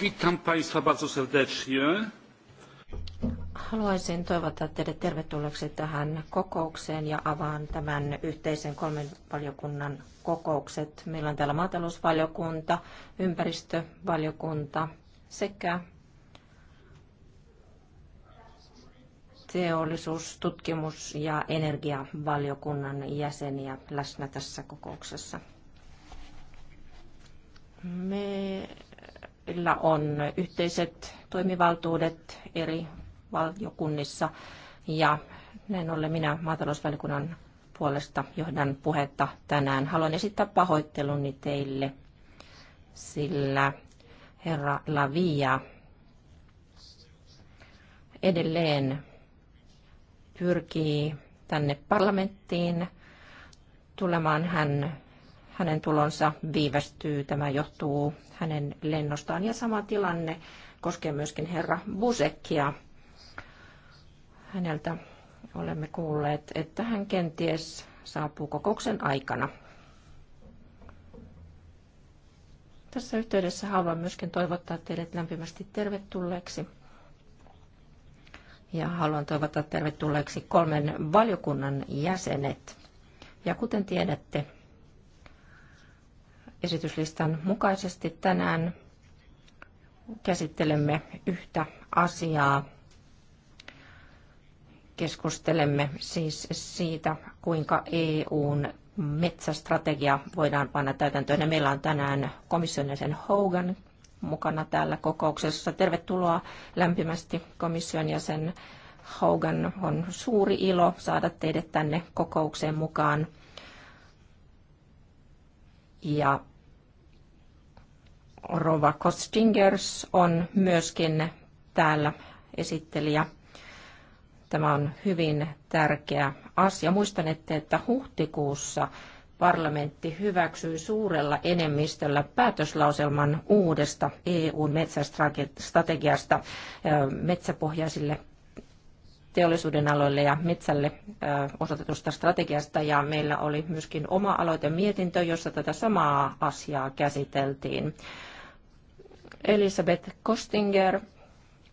Witam Państwa bardzo serdecznie. Haluaisin toivottaa teidät tervetulleeksi tähän kokoukseen ja avaan tämän yhteisen kolmen valiokunnan kokoukset. Meillä on täällä maatalousvaliokunta, ympäristövaliokunta sekä teollisuus-, tutkimus- ja energiavaliokunnan jäseniä läsnä tässä kokouksessa. Me Meillä on yhteiset toimivaltuudet eri valiokunnissa ja näin ollen minä maatalousvaliokunnan puolesta johdan puhetta tänään. Haluan esittää pahoitteluni teille, sillä herra Lavia edelleen pyrkii tänne parlamenttiin tulemaan. Hän hänen tulonsa viivästyy. Tämä johtuu hänen lennostaan ja sama tilanne koskee myöskin herra Busekia. Häneltä olemme kuulleet, että hän kenties saapuu kokouksen aikana. Tässä yhteydessä haluan myöskin toivottaa teidät lämpimästi tervetulleeksi. Ja haluan toivottaa tervetulleeksi kolmen valiokunnan jäsenet. Ja kuten tiedätte, esityslistan mukaisesti tänään käsittelemme yhtä asiaa. Keskustelemme siis siitä, kuinka EUn metsästrategia voidaan panna täytäntöön. Ja meillä on tänään komission jäsen Hogan mukana täällä kokouksessa. Tervetuloa lämpimästi komission jäsen Hogan. On suuri ilo saada teidät tänne kokoukseen mukaan. Ja Rova Kostingers on myöskin täällä esittelijä. Tämä on hyvin tärkeä asia. Muistan, että huhtikuussa parlamentti hyväksyi suurella enemmistöllä päätöslauselman uudesta eu metsästrategiasta metsäpohjaisille teollisuuden aloille ja metsälle osoitetusta strategiasta ja meillä oli myöskin oma aloite mietintö, jossa tätä samaa asiaa käsiteltiin. Elisabeth Kostinger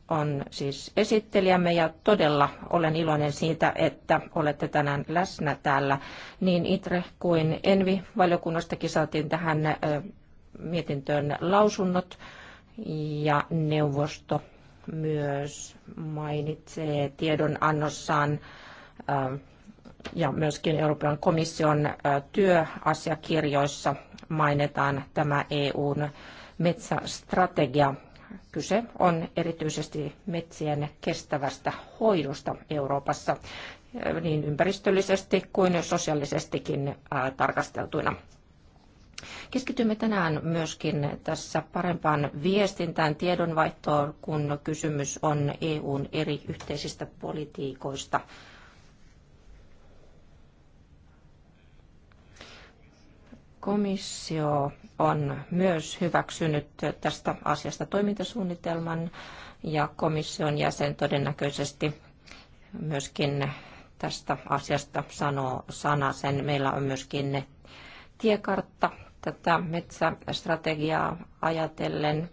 on siis esittelijämme ja todella olen iloinen siitä, että olette tänään läsnä täällä. Niin ITRE kuin ENVI-valiokunnastakin saatiin tähän mietintöön lausunnot ja neuvosto myös mainitsee tiedonannossaan äh, ja myöskin Euroopan komission äh, työasiakirjoissa mainitaan tämä EUn metsästrategia. Kyse on erityisesti metsien kestävästä hoidosta Euroopassa äh, niin ympäristöllisesti kuin sosiaalisestikin tarkasteltuina. Keskitymme tänään myöskin tässä parempaan viestintään, tiedonvaihtoon, kun kysymys on EUn eri yhteisistä politiikoista. Komissio on myös hyväksynyt tästä asiasta toimintasuunnitelman ja komission jäsen todennäköisesti myöskin tästä asiasta sanoo sanasen. Meillä on myöskin tiekartta tätä metsästrategiaa ajatellen.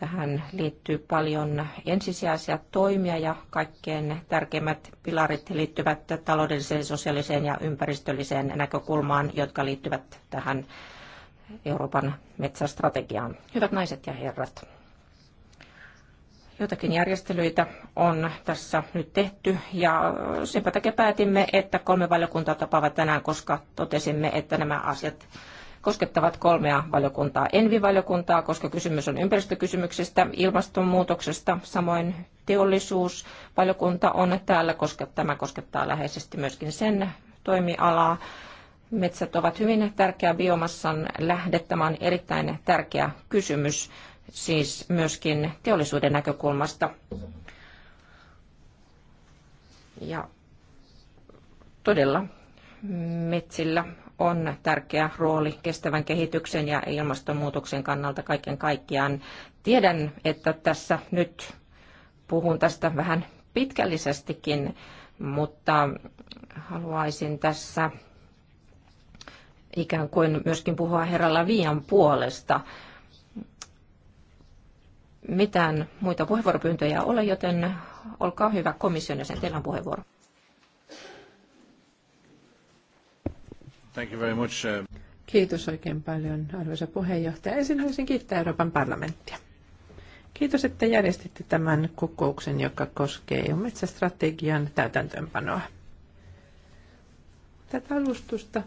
Tähän liittyy paljon ensisijaisia toimia ja kaikkein tärkeimmät pilarit liittyvät taloudelliseen, sosiaaliseen ja ympäristölliseen näkökulmaan, jotka liittyvät tähän Euroopan metsästrategiaan. Hyvät naiset ja herrat, jotakin järjestelyitä on tässä nyt tehty ja senpä takia päätimme, että kolme valiokuntaa tapaavat tänään, koska totesimme, että nämä asiat koskettavat kolmea valiokuntaa. Envivaliokuntaa, koska kysymys on ympäristökysymyksestä, ilmastonmuutoksesta, samoin teollisuusvaliokunta on täällä, koska tämä koskettaa läheisesti myöskin sen toimialaa. Metsät ovat hyvin tärkeä biomassan lähde. Tämä on erittäin tärkeä kysymys, siis myöskin teollisuuden näkökulmasta. Ja todella metsillä on tärkeä rooli kestävän kehityksen ja ilmastonmuutoksen kannalta kaiken kaikkiaan. Tiedän, että tässä nyt puhun tästä vähän pitkällisestikin, mutta haluaisin tässä ikään kuin myöskin puhua herra Lavian puolesta. Mitään muita puheenvuoropyyntöjä ole, joten olkaa hyvä komission jäsen teillä on puheenvuoro. Thank you very much. Uh, Kiitos oikein paljon, arvoisa puheenjohtaja. Ensin haluaisin kiittää Euroopan parlamenttia. Kiitos, että järjestitte tämän kokouksen, joka koskee EU-metsästrategian täytäntöönpanoa. Tätä alustusta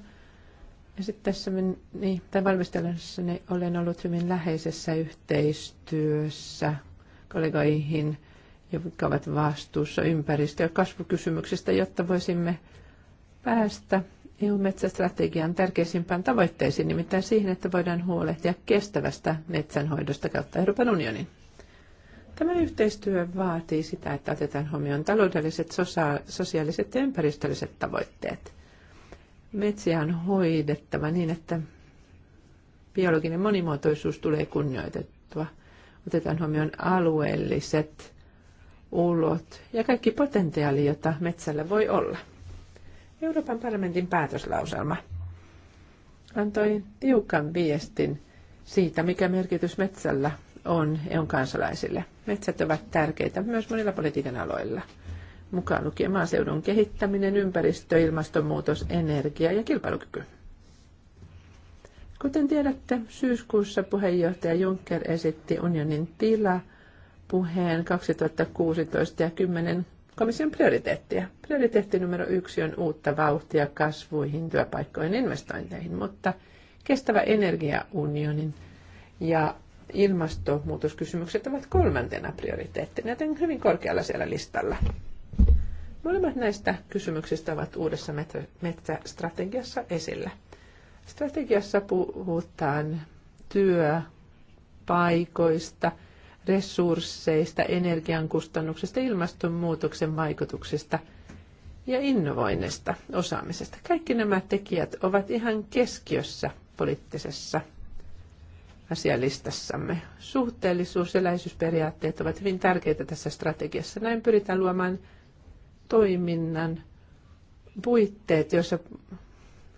ja sitten tässä niin, tämän valmistelussani olen ollut hyvin läheisessä yhteistyössä kollegoihin, jotka ovat vastuussa ympäristö- ja kasvukysymyksistä, jotta voisimme päästä EU-metsästrategian tärkeisimpään tavoitteisiin, nimittäin siihen, että voidaan huolehtia kestävästä metsänhoidosta kautta Euroopan unionin. Tämä yhteistyö vaatii sitä, että otetaan huomioon taloudelliset, sosiaaliset ja ympäristölliset tavoitteet. Metsiä on hoidettava niin, että biologinen monimuotoisuus tulee kunnioitettua. Otetaan huomioon alueelliset ulot ja kaikki potentiaali, jota metsällä voi olla. Euroopan parlamentin päätöslauselma antoi tiukan viestin siitä, mikä merkitys metsällä on EUn kansalaisille. Metsät ovat tärkeitä myös monilla politiikan aloilla, mukaan lukien maaseudun kehittäminen, ympäristö, ilmastonmuutos, energia ja kilpailukyky. Kuten tiedätte, syyskuussa puheenjohtaja Juncker esitti unionin tila puheen 2016 ja 10 komission prioriteettia. Prioriteetti numero yksi on uutta vauhtia kasvuihin, työpaikkoihin, investointeihin, mutta kestävä energiaunionin ja ilmastonmuutoskysymykset ovat kolmantena prioriteettina, joten hyvin korkealla siellä listalla. Molemmat näistä kysymyksistä ovat uudessa metsästrategiassa esillä. Strategiassa puhutaan työpaikoista – resursseista, energian kustannuksista, ilmastonmuutoksen vaikutuksista ja innovoinnista, osaamisesta. Kaikki nämä tekijät ovat ihan keskiössä poliittisessa asialistassamme. Suhteellisuus- ja läheisyysperiaatteet ovat hyvin tärkeitä tässä strategiassa. Näin pyritään luomaan toiminnan puitteet, joissa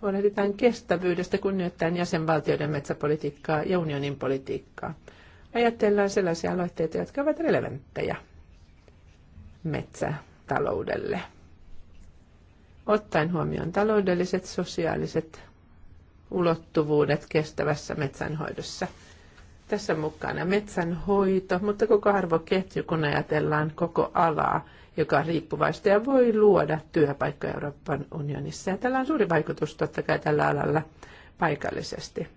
huolehditaan kestävyydestä kunnioittaen jäsenvaltioiden metsäpolitiikkaa ja unionin politiikkaa ajatellaan sellaisia aloitteita, jotka ovat relevantteja metsätaloudelle. Ottaen huomioon taloudelliset, sosiaaliset ulottuvuudet kestävässä metsänhoidossa. Tässä mukana metsänhoito, mutta koko arvoketju, kun ajatellaan koko alaa, joka on riippuvaista ja voi luoda työpaikkoja Euroopan unionissa. Ja tällä on suuri vaikutus totta kai tällä alalla paikallisesti.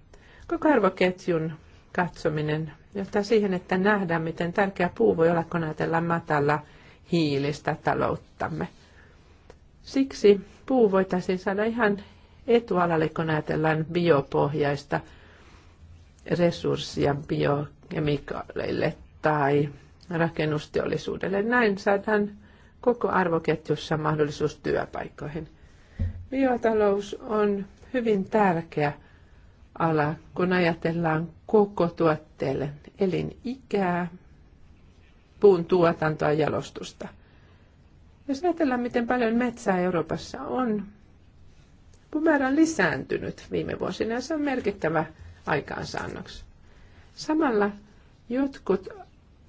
Koko arvoketjun katsominen johtaa siihen, että nähdään, miten tärkeä puu voi olla, kun ajatellaan matala hiilistä talouttamme. Siksi puu voitaisiin saada ihan etualalle, kun ajatellaan biopohjaista resurssia biokemikaaleille tai rakennusteollisuudelle. Näin saadaan koko arvoketjussa mahdollisuus työpaikkoihin. Biotalous on hyvin tärkeä ala, kun ajatellaan koko tuotteelle elinikää, puun tuotantoa ja jalostusta. Jos ajatellaan, miten paljon metsää Euroopassa on, puun määrä on lisääntynyt viime vuosina ja se on merkittävä aikaansaannoksi. Samalla jotkut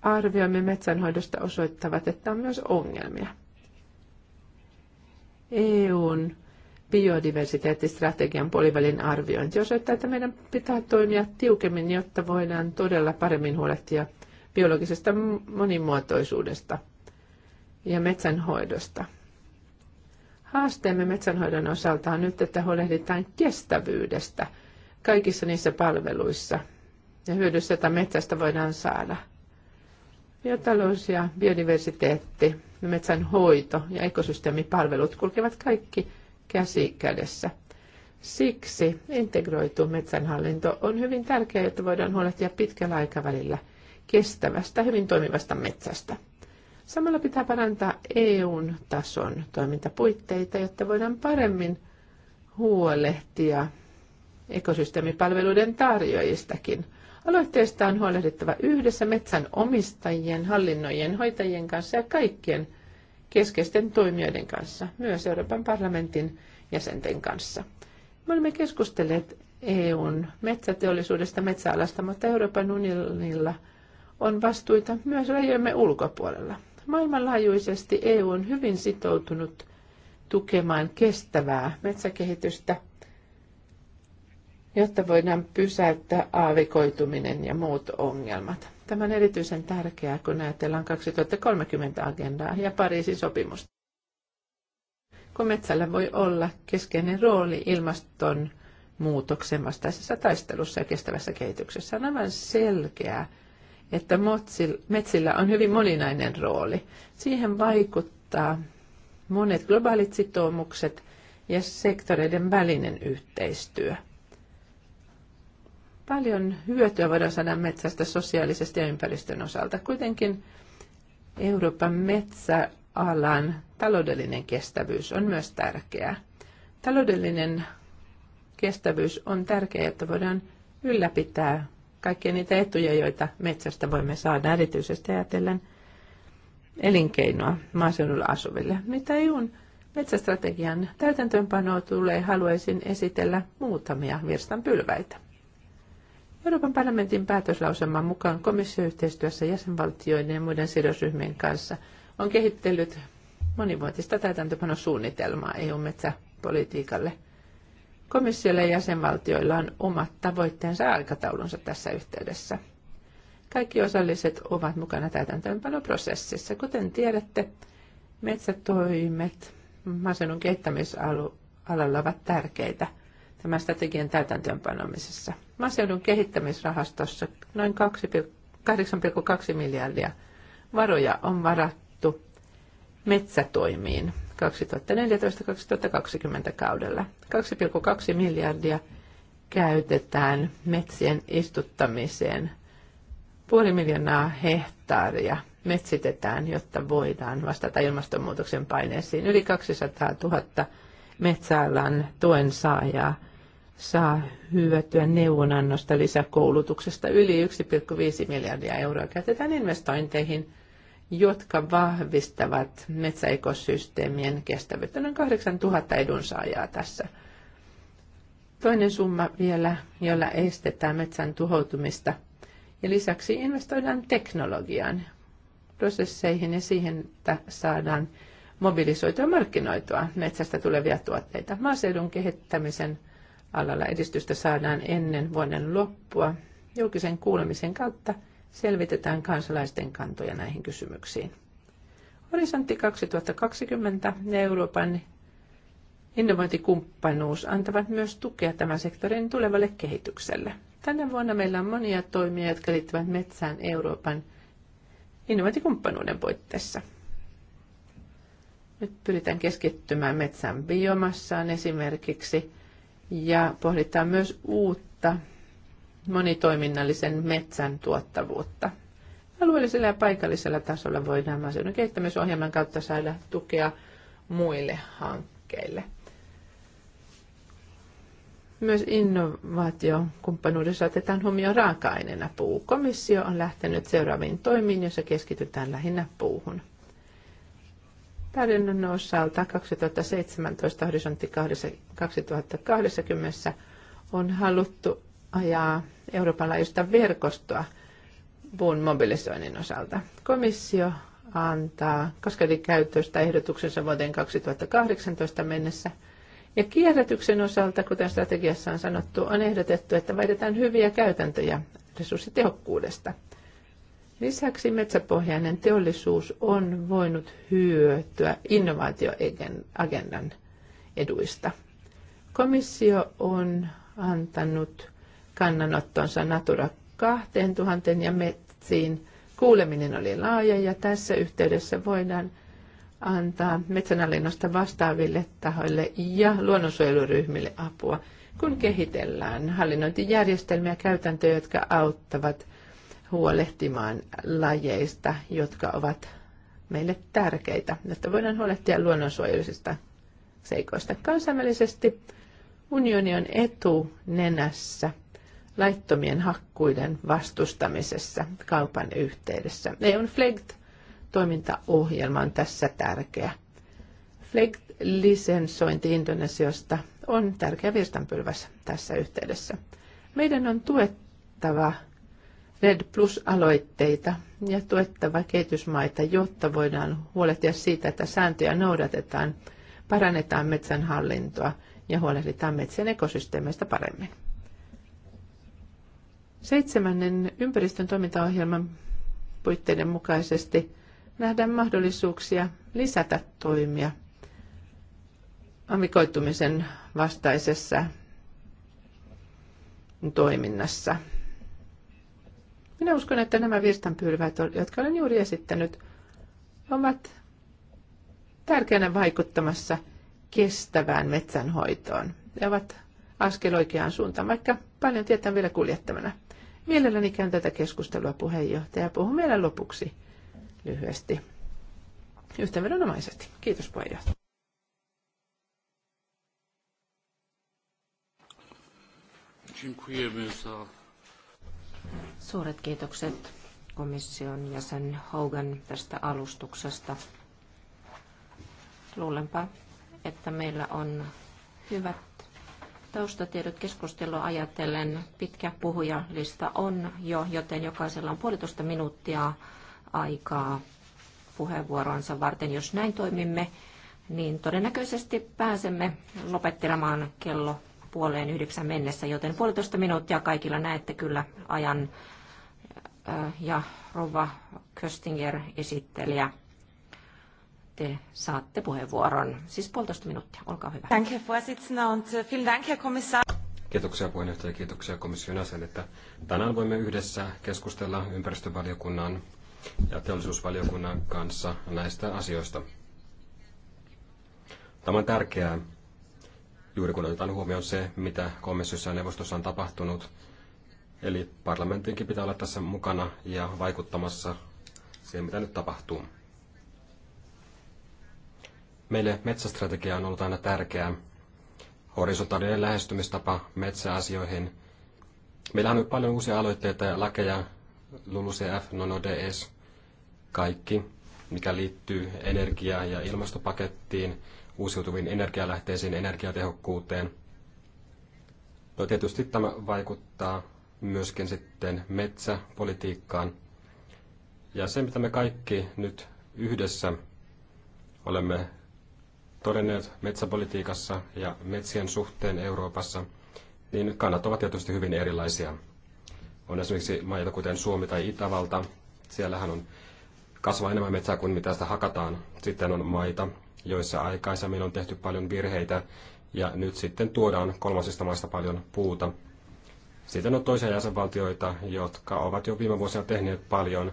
arvioimme metsänhoidosta osoittavat, että on myös ongelmia. EUn biodiversiteettistrategian puolivälin arviointi osoittaa, että meidän pitää toimia tiukemmin, jotta voidaan todella paremmin huolehtia biologisesta monimuotoisuudesta ja metsänhoidosta. Haasteemme metsänhoidon osalta on nyt, että huolehditaan kestävyydestä kaikissa niissä palveluissa ja hyödyssä, jota metsästä voidaan saada. Biotalous ja biodiversiteetti, metsänhoito ja ekosysteemipalvelut kulkevat kaikki – käsi kädessä. Siksi integroitu metsänhallinto on hyvin tärkeää, että voidaan huolehtia pitkällä aikavälillä kestävästä, hyvin toimivasta metsästä. Samalla pitää parantaa EUn tason toimintapuitteita, jotta voidaan paremmin huolehtia ekosysteemipalveluiden tarjoajistakin. Aloitteesta on huolehdittava yhdessä metsän omistajien, hallinnojen, hoitajien kanssa ja kaikkien – keskeisten toimijoiden kanssa, myös Euroopan parlamentin jäsenten kanssa. Me olemme keskustelleet EUn metsäteollisuudesta, metsäalasta, mutta Euroopan unionilla on vastuita myös rajojemme ulkopuolella. Maailmanlaajuisesti EU on hyvin sitoutunut tukemaan kestävää metsäkehitystä, jotta voidaan pysäyttää aavikoituminen ja muut ongelmat. Tämä on erityisen tärkeää, kun ajatellaan 2030-agendaa ja Pariisin sopimusta. Kun metsällä voi olla keskeinen rooli ilmaston muutoksen vastaisessa taistelussa ja kestävässä kehityksessä, on aivan selkeää, että metsillä on hyvin moninainen rooli. Siihen vaikuttaa monet globaalit sitoumukset ja sektoreiden välinen yhteistyö – Paljon hyötyä voidaan saada metsästä sosiaalisesti ja ympäristön osalta. Kuitenkin Euroopan metsäalan taloudellinen kestävyys on myös tärkeää. Taloudellinen kestävyys on tärkeää, että voidaan ylläpitää kaikkia niitä etuja, joita metsästä voimme saada, erityisesti ajatellen elinkeinoa maaseudulla asuville. Mitä EUn metsästrategian täytäntöönpanoa tulee, haluaisin esitellä muutamia virstanpylväitä. Euroopan parlamentin päätöslauselman mukaan komissio yhteistyössä jäsenvaltioiden ja muiden sidosryhmien kanssa on kehittellyt monivuotista täytäntöpanosuunnitelmaa EU-metsäpolitiikalle. Komissiolla ja jäsenvaltioilla on omat tavoitteensa ja aikataulunsa tässä yhteydessä. Kaikki osalliset ovat mukana täytäntöönpanoprosessissa. Kuten tiedätte, metsätoimet maaseudun kehittämisalalla ovat tärkeitä – tämän strategian täytäntöönpanomisessa. Maaseudun kehittämisrahastossa noin 8,2 miljardia varoja on varattu metsätoimiin 2014-2020 kaudella. 2,2 miljardia käytetään metsien istuttamiseen. Puoli miljoonaa hehtaaria metsitetään, jotta voidaan vastata ilmastonmuutoksen paineisiin. Yli 200 000 metsäalan tuen saajaa saa hyötyä neuvonannosta lisäkoulutuksesta. Yli 1,5 miljardia euroa käytetään investointeihin, jotka vahvistavat metsäekosysteemien kestävyyttä. Noin 8000 edunsaajaa tässä. Toinen summa vielä, jolla estetään metsän tuhoutumista. Ja lisäksi investoidaan teknologiaan, prosesseihin ja siihen, että saadaan mobilisoitua ja markkinoitua metsästä tulevia tuotteita. Maaseudun kehittämisen alalla edistystä saadaan ennen vuoden loppua. Julkisen kuulemisen kautta selvitetään kansalaisten kantoja näihin kysymyksiin. Horisontti 2020 ja Euroopan innovointikumppanuus antavat myös tukea tämän sektorin tulevalle kehitykselle. Tänä vuonna meillä on monia toimia, jotka liittyvät metsään Euroopan innovointikumppanuuden puitteissa. Nyt pyritään keskittymään metsän biomassaan esimerkiksi ja pohditaan myös uutta monitoiminnallisen metsän tuottavuutta. Alueellisella ja paikallisella tasolla voidaan maaseudun kehittämisohjelman kautta saada tukea muille hankkeille. Myös innovaatiokumppanuudessa otetaan huomioon raaka-aineena puu. Komissio on lähtenyt seuraaviin toimiin, joissa keskitytään lähinnä puuhun. Tarjonnan alta 2017 horisontti 2020 on haluttu ajaa Euroopan laajuista verkostoa puun mobilisoinnin osalta. Komissio antaa kaskadikäytöstä ehdotuksensa vuoteen 2018 mennessä. Ja kierrätyksen osalta, kuten strategiassa on sanottu, on ehdotettu, että vaihdetaan hyviä käytäntöjä resurssitehokkuudesta – Lisäksi metsäpohjainen teollisuus on voinut hyötyä innovaatioagendan eduista. Komissio on antanut kannanottonsa Natura 2000 ja metsiin. Kuuleminen oli laaja ja tässä yhteydessä voidaan antaa metsänallinnosta vastaaville tahoille ja luonnonsuojeluryhmille apua, kun kehitellään hallinnointijärjestelmiä ja käytäntöjä, jotka auttavat huolehtimaan lajeista, jotka ovat meille tärkeitä, että voidaan huolehtia luonnonsuojelisista seikoista. Kansainvälisesti unioni on etunenässä laittomien hakkuiden vastustamisessa kaupan yhteydessä. EUn FLEGT-toimintaohjelma on tässä tärkeä. FLEGT-lisensointi Indonesiasta on tärkeä virstanpylväs tässä yhteydessä. Meidän on tuettava Red Plus-aloitteita ja tuettava kehitysmaita, jotta voidaan huolehtia siitä, että sääntöjä noudatetaan, parannetaan metsän hallintoa ja huolehditaan metsän ekosysteemeistä paremmin. Seitsemännen ympäristön toimintaohjelman puitteiden mukaisesti nähdään mahdollisuuksia lisätä toimia amikoitumisen vastaisessa toiminnassa minä uskon, että nämä virstanpylvät, jotka olen juuri esittänyt, ovat tärkeänä vaikuttamassa kestävään metsänhoitoon. Ne ovat askel oikeaan suuntaan, vaikka paljon tietää vielä kuljettavana. Mielelläni käyn tätä keskustelua puheenjohtaja. Puhun vielä lopuksi lyhyesti yhteenvedonomaisesti. Kiitos puheenjohtaja. Dziękujemy za Suuret kiitokset komission jäsen Hogan tästä alustuksesta. Luulenpa, että meillä on hyvät taustatiedot keskustelua ajatellen. Pitkä puhujalista on jo, joten jokaisella on puolitoista minuuttia aikaa puheenvuoronsa varten. Jos näin toimimme, niin todennäköisesti pääsemme lopettelemaan kello puoleen yhdeksän mennessä, joten puolitoista minuuttia kaikilla näette kyllä ajan ja Rova Köstinger esittelijä. Te saatte puheenvuoron. Siis puolitoista minuuttia. Olkaa hyvä. Danke, und äh, vielen Dank, Herr Kommissar. Kiitoksia puheenjohtaja ja kiitoksia komission jäsenille. Tänään voimme yhdessä keskustella ympäristövaliokunnan ja teollisuusvaliokunnan kanssa näistä asioista. Tämä on tärkeää, juuri kun otetaan huomioon se, mitä komissiossa ja neuvostossa on tapahtunut Eli parlamentinkin pitää olla tässä mukana ja vaikuttamassa siihen, mitä nyt tapahtuu. Meille metsästrategia on ollut aina tärkeää. Horisontaalinen lähestymistapa metsäasioihin. Meillähän on nyt paljon uusia aloitteita ja lakeja, LULUCF, NONODES, kaikki, mikä liittyy energia- ja ilmastopakettiin, uusiutuviin energialähteisiin, energiatehokkuuteen. No tietysti tämä vaikuttaa myöskin sitten metsäpolitiikkaan. Ja se, mitä me kaikki nyt yhdessä olemme todenneet metsäpolitiikassa ja metsien suhteen Euroopassa, niin kannat ovat tietysti hyvin erilaisia. On esimerkiksi maita kuten Suomi tai Itävalta. Siellähän on kasvaa enemmän metsää kuin mitä sitä hakataan. Sitten on maita, joissa aikaisemmin on tehty paljon virheitä ja nyt sitten tuodaan kolmasista maista paljon puuta. Sitten on toisia jäsenvaltioita, jotka ovat jo viime vuosina tehneet paljon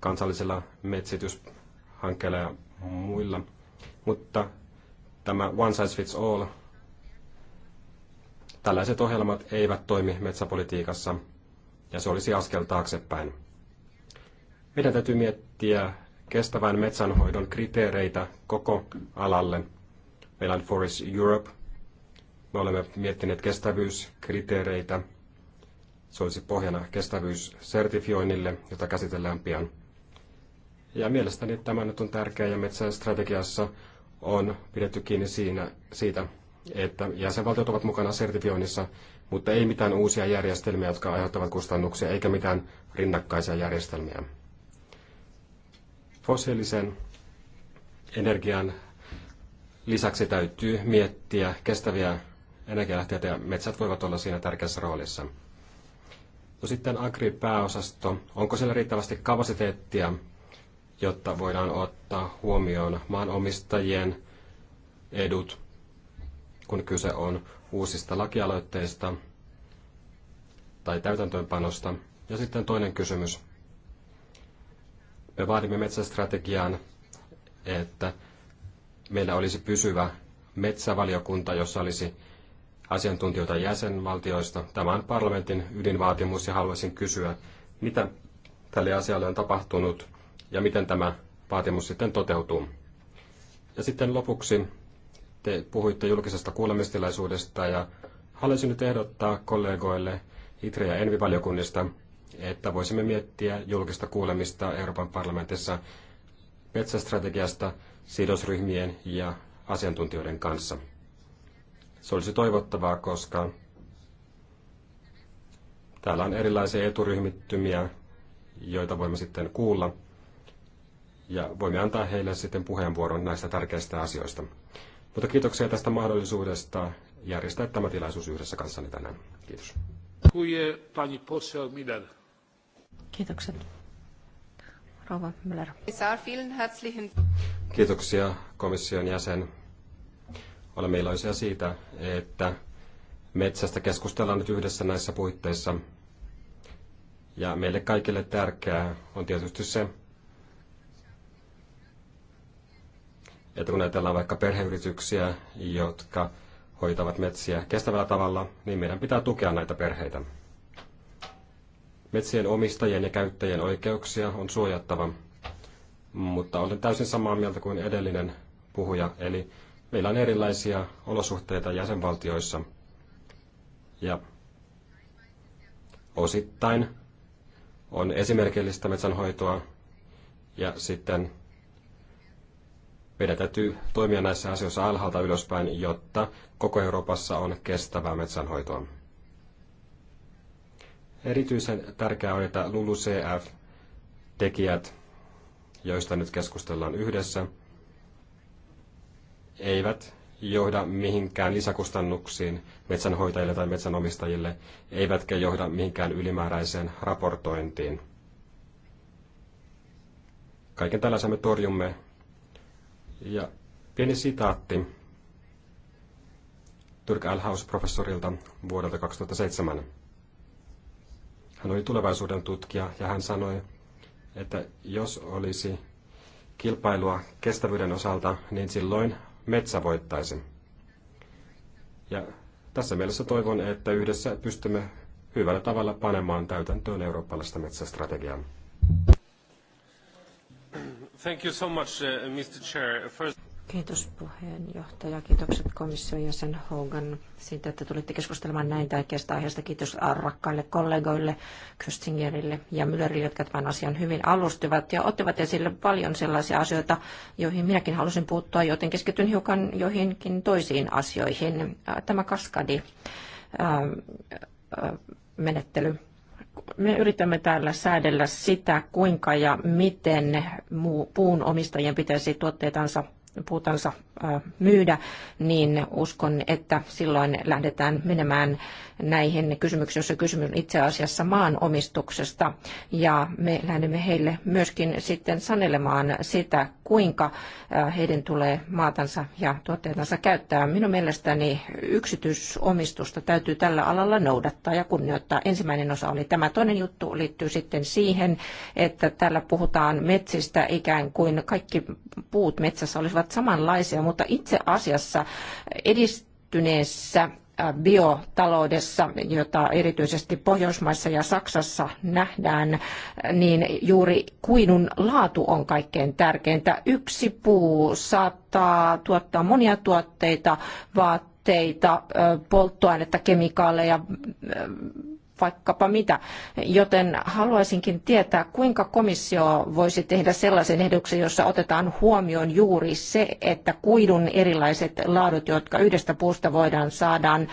kansallisilla metsityshankkeilla ja muilla. Mutta tämä one size fits all, tällaiset ohjelmat eivät toimi metsäpolitiikassa ja se olisi askel taaksepäin. Meidän täytyy miettiä kestävän metsänhoidon kriteereitä koko alalle. Meillä on Forest Europe. Me olemme miettineet kestävyyskriteereitä se olisi pohjana kestävyyssertifioinnille, jota käsitellään pian. Ja mielestäni tämä nyt on tärkeää ja metsästrategiassa on pidetty kiinni siinä, siitä, että jäsenvaltiot ovat mukana sertifioinnissa, mutta ei mitään uusia järjestelmiä, jotka aiheuttavat kustannuksia, eikä mitään rinnakkaisia järjestelmiä. Fossiilisen energian lisäksi täytyy miettiä kestäviä energialähteitä ja metsät voivat olla siinä tärkeässä roolissa. No sitten Agri-pääosasto, onko siellä riittävästi kapasiteettia, jotta voidaan ottaa huomioon maanomistajien edut, kun kyse on uusista lakialoitteista tai täytäntöönpanosta? Ja sitten toinen kysymys. Me vaadimme metsästrategiaan, että meillä olisi pysyvä metsävaliokunta, jossa olisi asiantuntijoita jäsenvaltioista. Tämä on parlamentin ydinvaatimus ja haluaisin kysyä, mitä tälle asialle on tapahtunut ja miten tämä vaatimus sitten toteutuu. Ja sitten lopuksi te puhuitte julkisesta kuulemistilaisuudesta ja haluaisin nyt ehdottaa kollegoille ITRE- ja ENVI-valiokunnista, että voisimme miettiä julkista kuulemista Euroopan parlamentissa metsästrategiasta sidosryhmien ja asiantuntijoiden kanssa. Se olisi toivottavaa, koska täällä on erilaisia eturyhmittymiä, joita voimme sitten kuulla. Ja voimme antaa heille sitten puheenvuoron näistä tärkeistä asioista. Mutta kiitoksia tästä mahdollisuudesta järjestää tämä tilaisuus yhdessä kanssani tänään. Kiitos. Kiitokset. Rouva Müller. Kiitoksia komission jäsen. Olemme iloisia siitä, että metsästä keskustellaan nyt yhdessä näissä puitteissa. Ja meille kaikille tärkeää on tietysti se, että kun ajatellaan vaikka perheyrityksiä, jotka hoitavat metsiä kestävällä tavalla, niin meidän pitää tukea näitä perheitä. Metsien omistajien ja käyttäjien oikeuksia on suojattava, mutta olen täysin samaa mieltä kuin edellinen puhuja, eli Meillä on erilaisia olosuhteita jäsenvaltioissa ja osittain on esimerkillistä metsänhoitoa ja sitten meidän täytyy toimia näissä asioissa alhaalta ylöspäin, jotta koko Euroopassa on kestävää metsänhoitoa. Erityisen tärkeää on, että LULUCF-tekijät, joista nyt keskustellaan yhdessä – eivät johda mihinkään lisäkustannuksiin metsänhoitajille tai metsänomistajille, eivätkä johda mihinkään ylimääräiseen raportointiin. Kaiken tällaisen me torjumme. Ja pieni sitaatti Turk Alhaus professorilta vuodelta 2007. Hän oli tulevaisuuden tutkija ja hän sanoi, että jos olisi kilpailua kestävyyden osalta, niin silloin metsä voittaisi. Ja tässä mielessä toivon, että yhdessä pystymme hyvällä tavalla panemaan täytäntöön eurooppalaista metsästrategiaa. Thank you so much, uh, Mr. Chair. First... Kiitos puheenjohtaja. Kiitokset komission jäsen Hogan siitä, että tulitte keskustelemaan näin tärkeästä aiheesta. Kiitos rakkaille kollegoille, Köstingerille ja Müllerille, jotka tämän asian hyvin alustivat ja ottivat esille paljon sellaisia asioita, joihin minäkin halusin puuttua, joten keskityn hiukan joihinkin toisiin asioihin. Tämä kaskadi menettely me yritämme täällä säädellä sitä, kuinka ja miten puun omistajien pitäisi tuotteitansa puutansa myydä, niin uskon, että silloin lähdetään menemään näihin kysymyksiin, joissa kysymys itse asiassa maanomistuksesta. Ja me lähdemme heille myöskin sitten sanelemaan sitä, kuinka heidän tulee maatansa ja tuotteitansa käyttää. Minun mielestäni yksityisomistusta täytyy tällä alalla noudattaa ja kunnioittaa. Ensimmäinen osa oli tämä. Toinen juttu liittyy sitten siihen, että täällä puhutaan metsistä ikään kuin kaikki puut metsässä olisivat olisivat samanlaisia, mutta itse asiassa edistyneessä biotaloudessa, jota erityisesti Pohjoismaissa ja Saksassa nähdään, niin juuri kuinun laatu on kaikkein tärkeintä. Yksi puu saattaa tuottaa monia tuotteita, vaatteita, polttoainetta, kemikaaleja, vaikkapa mitä. Joten haluaisinkin tietää, kuinka komissio voisi tehdä sellaisen ehdoksen, jossa otetaan huomioon juuri se, että kuidun erilaiset laadut, jotka yhdestä puusta voidaan saadaan,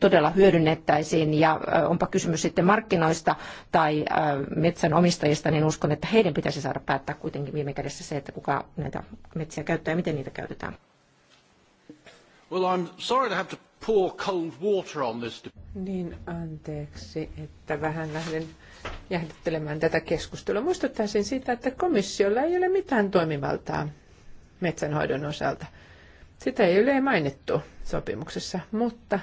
todella hyödynnettäisiin. Ja onpa kysymys sitten markkinoista tai metsänomistajista, niin uskon, että heidän pitäisi saada päättää kuitenkin viime kädessä se, että kuka näitä metsiä käyttää ja miten niitä käytetään. Well, I'm sorry to have to pour cold water on this. Niin anteeksi, että vähän lähden jäähdyttelemään tätä keskustelua. Muistuttaisin siitä, että komissiolla ei ole mitään toimivaltaa metsänhoidon osalta. Sitä ei ole mainittu sopimuksessa, mutta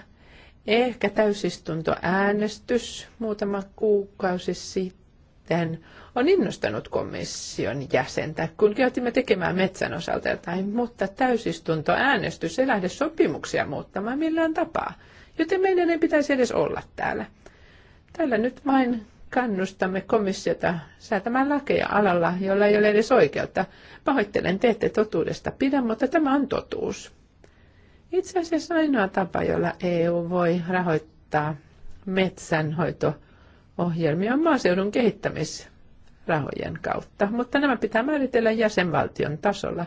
ehkä täysistuntoäänestys muutama kuukausi sitten sitten on innostanut komission jäsentä, kun käytimme tekemään metsän osalta jotain, mutta täysistunto äänestys ei lähde sopimuksia muuttamaan millään tapaa, joten meidän ei pitäisi edes olla täällä. Täällä nyt vain kannustamme komissiota säätämään lakeja alalla, jolla ei ole edes oikeutta. Pahoittelen, te ette totuudesta pidä, mutta tämä on totuus. Itse asiassa ainoa tapa, jolla EU voi rahoittaa metsänhoito ohjelmia maaseudun kehittämisrahojen kautta, mutta nämä pitää määritellä jäsenvaltion tasolla.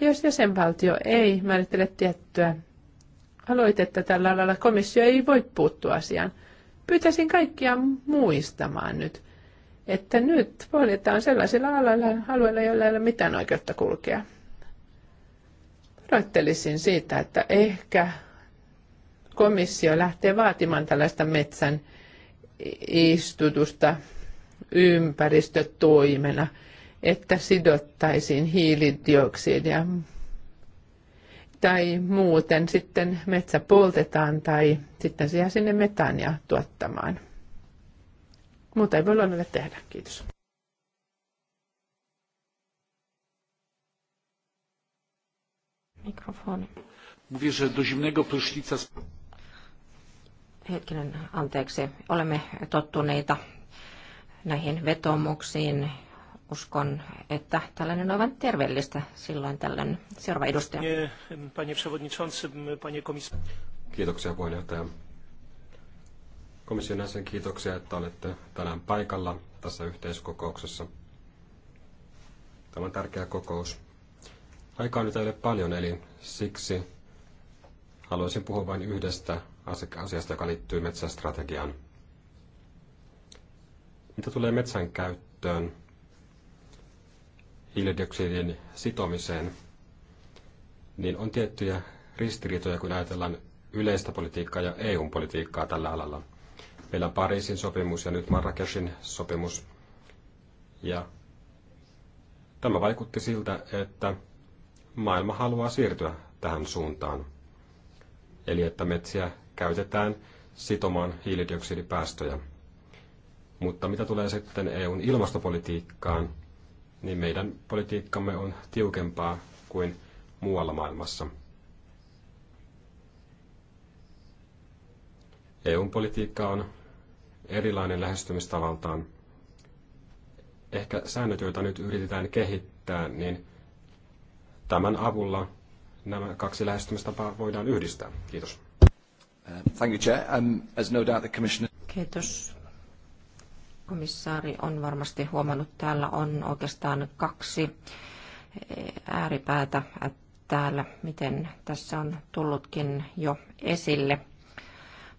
Jos jäsenvaltio ei määrittele tiettyä aloitetta tällä alalla, komissio ei voi puuttua asiaan. Pyytäisin kaikkia muistamaan nyt, että nyt poljetaan sellaisilla alueilla, alueilla, joilla ei ole mitään oikeutta kulkea. Roittelisin siitä, että ehkä komissio lähtee vaatimaan tällaista metsän istutusta ympäristötoimena, että sidottaisiin hiilidioksidia tai muuten sitten metsä poltetaan tai sitten se jää sinne metania tuottamaan. Muuta ei voi luonnolle tehdä. Kiitos. Mikrofoni. Mówię, że do zimnego prysznica Hetkinen, anteeksi. Olemme tottuneita näihin vetomuksiin. Uskon, että tällainen on aivan terveellistä silloin tällainen. Seuraava edustaja. Kiitoksia puheenjohtaja. Komission jäsen, kiitoksia, että olette tänään paikalla tässä yhteiskokouksessa. Tämä on tärkeä kokous. Aikaa nyt ei ole paljon, eli siksi haluaisin puhua vain yhdestä asiasta, joka liittyy metsästrategiaan. Mitä tulee metsän käyttöön, hiilidioksidin sitomiseen, niin on tiettyjä ristiriitoja, kun ajatellaan yleistä politiikkaa ja EU-politiikkaa tällä alalla. Meillä on Pariisin sopimus ja nyt Marrakeshin sopimus. Ja tämä vaikutti siltä, että maailma haluaa siirtyä tähän suuntaan. Eli että metsiä käytetään sitomaan hiilidioksidipäästöjä. Mutta mitä tulee sitten EUn ilmastopolitiikkaan, niin meidän politiikkamme on tiukempaa kuin muualla maailmassa. EUn politiikka on erilainen lähestymistavaltaan. Ehkä säännöt, joita nyt yritetään kehittää, niin tämän avulla nämä kaksi lähestymistapaa voidaan yhdistää. Kiitos. Thank you, Chair. as um, no doubt the Commissioner... Kiitos. Komissaari on varmasti huomannut, täällä on oikeastaan kaksi ääripäätä täällä, miten tässä on tullutkin jo esille.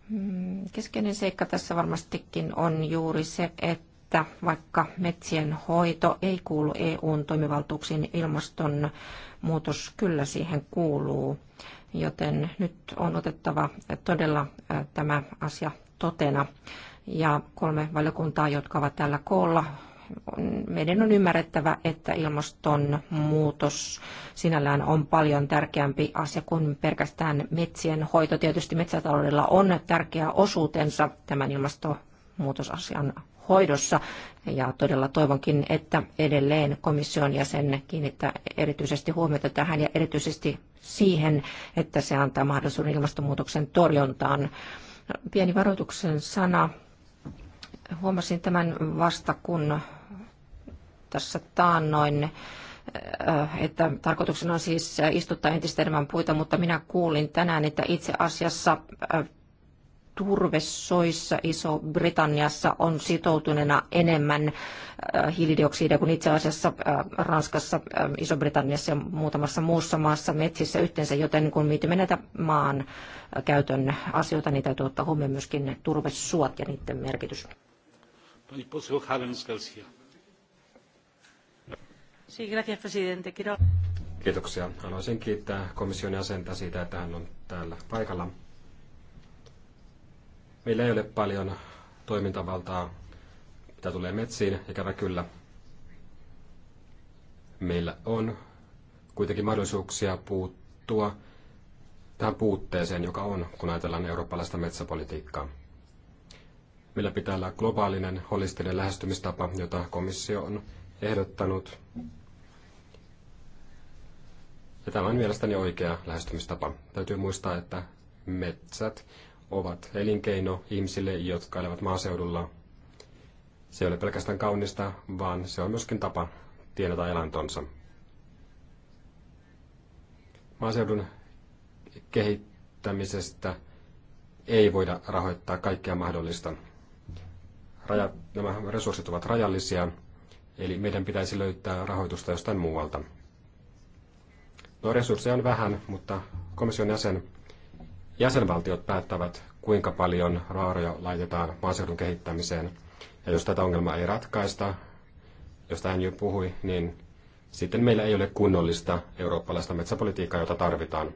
Mm, keskeinen seikka tässä varmastikin on juuri se, että vaikka metsien hoito ei kuulu EUn toimivaltuuksiin, ilmastonmuutos kyllä siihen kuuluu joten nyt on otettava todella tämä asia totena. Ja kolme valiokuntaa, jotka ovat täällä koolla, meidän on ymmärrettävä, että ilmastonmuutos sinällään on paljon tärkeämpi asia kuin pelkästään metsien hoito. Tietysti metsätaloudella on tärkeä osuutensa tämän ilmastonmuutosasian hoidossa. Ja todella toivonkin, että edelleen komission jäsen kiinnittää erityisesti huomiota tähän ja erityisesti siihen, että se antaa mahdollisuuden ilmastonmuutoksen torjuntaan. Pieni varoituksen sana. Huomasin tämän vasta, kun tässä taannoin äh, että tarkoituksena on siis istuttaa entistä enemmän puita, mutta minä kuulin tänään, että itse asiassa äh, turvesoissa Iso-Britanniassa on sitoutuneena enemmän äh, hiilidioksidia kuin itse asiassa äh, Ranskassa, äh, Iso-Britanniassa ja muutamassa muussa maassa metsissä yhteensä, joten kun mietimme näitä maan käytön asioita, niin täytyy ottaa huomioon myöskin turvesuot ja niiden merkitys. Kiitoksia. Haluaisin kiittää komission jäsentä siitä, että hän on täällä paikalla. Meillä ei ole paljon toimintavaltaa, mitä tulee metsiin, ikävä kyllä. Meillä on kuitenkin mahdollisuuksia puuttua tähän puutteeseen, joka on, kun ajatellaan eurooppalaista metsäpolitiikkaa. Meillä pitää olla globaalinen, holistinen lähestymistapa, jota komissio on ehdottanut. Ja tämä on mielestäni oikea lähestymistapa. Täytyy muistaa, että metsät ovat elinkeino ihmisille, jotka elävät maaseudulla. Se ei ole pelkästään kaunista, vaan se on myöskin tapa tienata elantonsa. Maaseudun kehittämisestä ei voida rahoittaa kaikkea mahdollista. Raja, nämä resurssit ovat rajallisia, eli meidän pitäisi löytää rahoitusta jostain muualta. No resursseja on vähän, mutta komission jäsen jäsenvaltiot päättävät, kuinka paljon rahoja laitetaan maaseudun kehittämiseen. Ja jos tätä ongelmaa ei ratkaista, josta hän jo puhui, niin sitten meillä ei ole kunnollista eurooppalaista metsäpolitiikkaa, jota tarvitaan.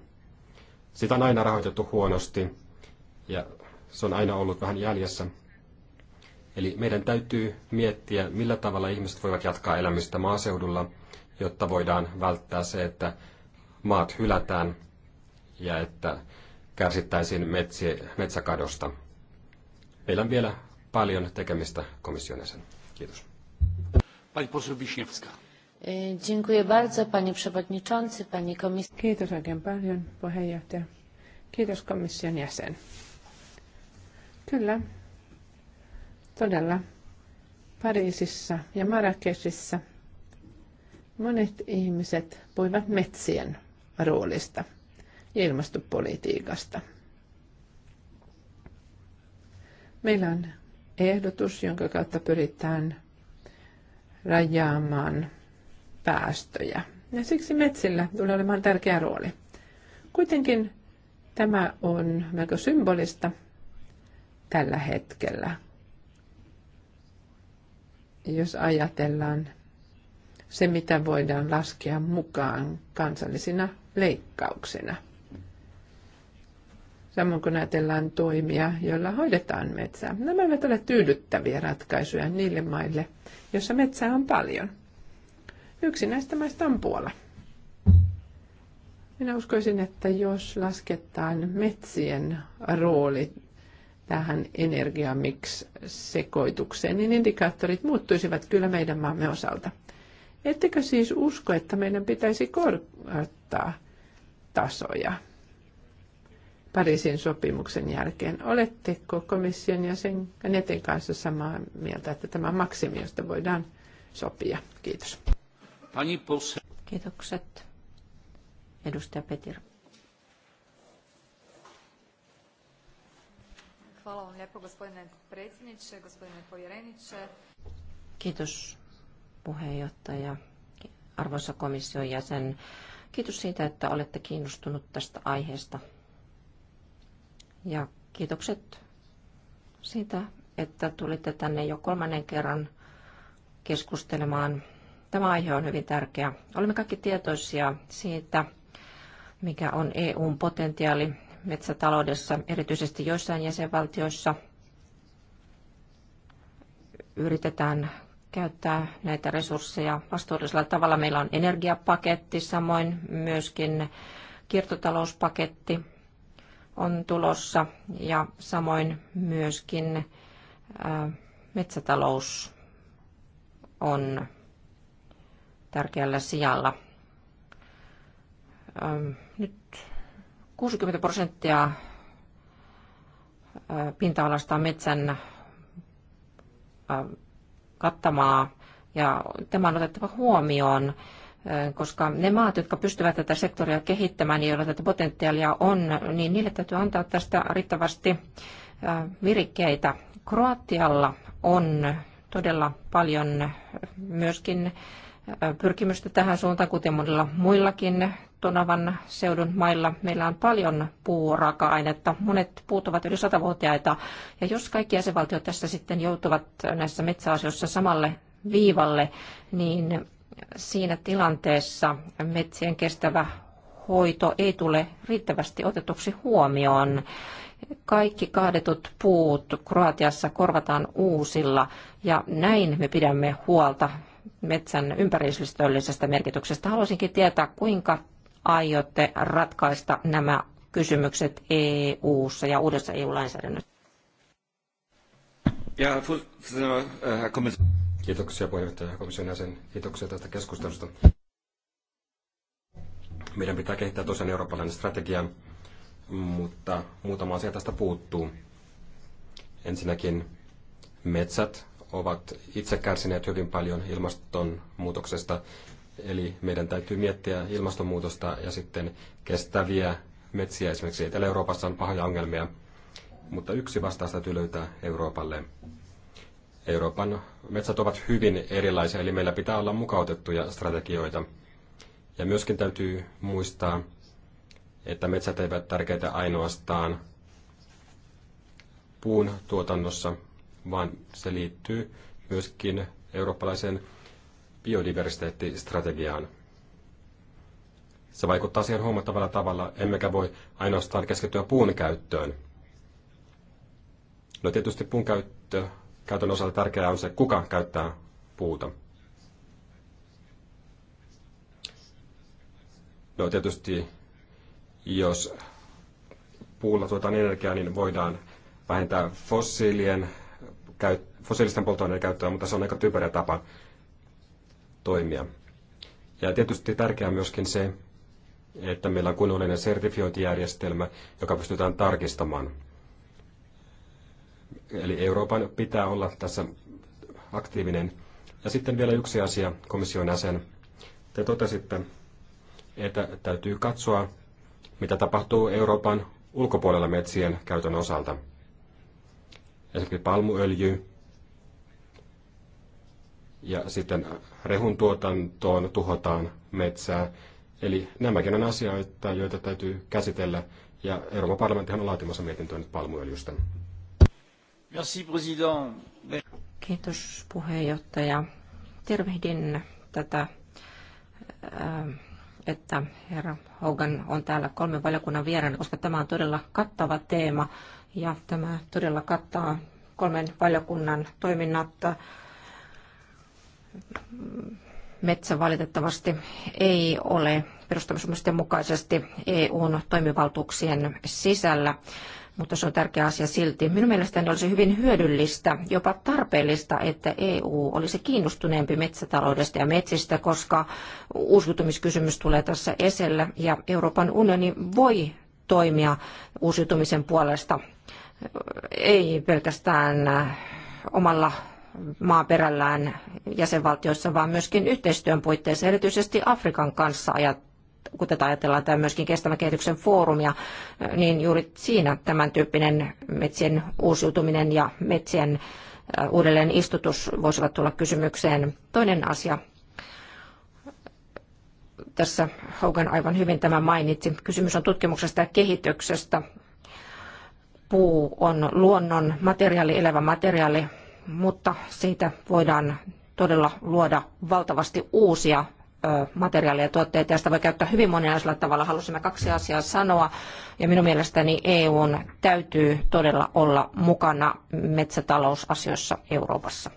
Sitä on aina rahoitettu huonosti ja se on aina ollut vähän jäljessä. Eli meidän täytyy miettiä, millä tavalla ihmiset voivat jatkaa elämistä maaseudulla, jotta voidaan välttää se, että maat hylätään ja että kärsittäisiin metsi, metsäkadosta. Meillä on vielä paljon tekemistä komission jäsen. Kiitos. Pani poseł Wiśniewska. E, dziękuję bardzo, panie przewodniczący, pani komisarzu. Kiitos oikein paljon, puheenjohtaja. Kiitos komission jäsen. Kyllä, todella. Pariisissa ja Marrakeshissa monet ihmiset puivat metsien roolista – ja ilmastopolitiikasta. Meillä on ehdotus, jonka kautta pyritään rajaamaan päästöjä. Ja siksi metsillä tulee olemaan tärkeä rooli. Kuitenkin tämä on melko symbolista tällä hetkellä. Jos ajatellaan se, mitä voidaan laskea mukaan kansallisina leikkauksina – samoin kun ajatellaan toimia, joilla hoidetaan metsää. Nämä eivät ole tyydyttäviä ratkaisuja niille maille, joissa metsää on paljon. Yksi näistä maista on Puola. Minä uskoisin, että jos lasketaan metsien rooli tähän energiamix-sekoitukseen, niin indikaattorit muuttuisivat kyllä meidän maamme osalta. Ettekö siis usko, että meidän pitäisi korottaa tasoja? Pariisin sopimuksen jälkeen. Oletteko komission ja sen netin kanssa samaa mieltä, että tämä maksimi, josta voidaan sopia? Kiitos. Kiitokset. Edustaja Petir. Kiitos puheenjohtaja, arvoisa komission jäsen. Kiitos siitä, että olette kiinnostunut tästä aiheesta ja kiitokset siitä, että tulitte tänne jo kolmannen kerran keskustelemaan. Tämä aihe on hyvin tärkeä. Olemme kaikki tietoisia siitä, mikä on EUn potentiaali metsätaloudessa, erityisesti joissain jäsenvaltioissa yritetään käyttää näitä resursseja vastuullisella tavalla. Meillä on energiapaketti, samoin myöskin kiertotalouspaketti – on tulossa ja samoin myöskin metsätalous on tärkeällä sijalla. Nyt 60 prosenttia pinta-alasta metsän kattamaa ja tämä on otettava huomioon koska ne maat, jotka pystyvät tätä sektoria kehittämään, joilla tätä potentiaalia on, niin niille täytyy antaa tästä riittävästi virikkeitä. Kroatialla on todella paljon myöskin pyrkimystä tähän suuntaan, kuten monilla muillakin Tonavan seudun mailla. Meillä on paljon puuraaka-ainetta. Monet puut ovat yli satavuotiaita. Ja jos kaikki jäsenvaltiot tässä sitten joutuvat näissä metsäasioissa samalle viivalle, niin siinä tilanteessa metsien kestävä hoito ei tule riittävästi otetuksi huomioon. Kaikki kaadetut puut Kroatiassa korvataan uusilla ja näin me pidämme huolta metsän ympäristöllisestä merkityksestä. Haluaisinkin tietää, kuinka aiotte ratkaista nämä kysymykset EU-ssa ja uudessa EU-lainsäädännössä. Ja, äh, Kiitoksia puheenjohtaja ja komission jäsen. Kiitoksia tästä keskustelusta. Meidän pitää kehittää tosiaan eurooppalainen strategia, mutta muutama asia tästä puuttuu. Ensinnäkin metsät ovat itse kärsineet hyvin paljon ilmastonmuutoksesta, eli meidän täytyy miettiä ilmastonmuutosta ja sitten kestäviä metsiä. Esimerkiksi Etelä-Euroopassa on pahoja ongelmia, mutta yksi vastaus täytyy löytää Euroopalle – Euroopan metsät ovat hyvin erilaisia, eli meillä pitää olla mukautettuja strategioita. Ja myöskin täytyy muistaa, että metsät eivät tärkeitä ainoastaan puun tuotannossa, vaan se liittyy myöskin eurooppalaiseen biodiversiteettistrategiaan. Se vaikuttaa siihen huomattavalla tavalla, emmekä voi ainoastaan keskittyä puun käyttöön. No tietysti puun käyttö käytön osalta tärkeää on se, kuka käyttää puuta. No tietysti, jos puulla tuotaan energiaa, niin voidaan vähentää fossiilien, fossiilisten polttoaineiden käyttöä, mutta se on aika typerä tapa toimia. Ja tietysti tärkeää on myöskin se, että meillä on kunnollinen sertifiointijärjestelmä, joka pystytään tarkistamaan. Eli Euroopan pitää olla tässä aktiivinen. Ja sitten vielä yksi asia, komission jäsen. Te totesitte, että täytyy katsoa, mitä tapahtuu Euroopan ulkopuolella metsien käytön osalta. Esimerkiksi palmuöljy ja sitten rehun tuotantoon tuhotaan metsää. Eli nämäkin on asioita, joita täytyy käsitellä, ja Euroopan parlamenttihan on laatimassa mietintöä nyt palmuöljystä. Merci, president. Kiitos puheenjohtaja. Tervehdin tätä, äh, että herra Hogan on täällä kolmen valiokunnan vieraana, koska tämä on todella kattava teema ja tämä todella kattaa kolmen valiokunnan toiminnat. Metsä valitettavasti ei ole perustamismuisten mukaisesti EUn toimivaltuuksien sisällä mutta se on tärkeä asia silti. Minun mielestäni olisi hyvin hyödyllistä, jopa tarpeellista, että EU olisi kiinnostuneempi metsätaloudesta ja metsistä, koska uusiutumiskysymys tulee tässä esillä ja Euroopan unioni voi toimia uusiutumisen puolesta, ei pelkästään äh, omalla maaperällään jäsenvaltioissa, vaan myöskin yhteistyön puitteissa, erityisesti Afrikan kanssa ajat kun tätä ajatellaan, tämä myöskin kestävän kehityksen foorumia, niin juuri siinä tämän tyyppinen metsien uusiutuminen ja metsien uudelleen istutus voisivat tulla kysymykseen. Toinen asia, tässä Haukan aivan hyvin tämä mainitsi, kysymys on tutkimuksesta ja kehityksestä. Puu on luonnon materiaali, elävä materiaali, mutta siitä voidaan todella luoda valtavasti uusia materiaaleja ja tuotteita, ja sitä voi käyttää hyvin monenlaisella tavalla. Halusimme kaksi asiaa sanoa, ja minun mielestäni EUn täytyy todella olla mukana metsätalousasioissa Euroopassa.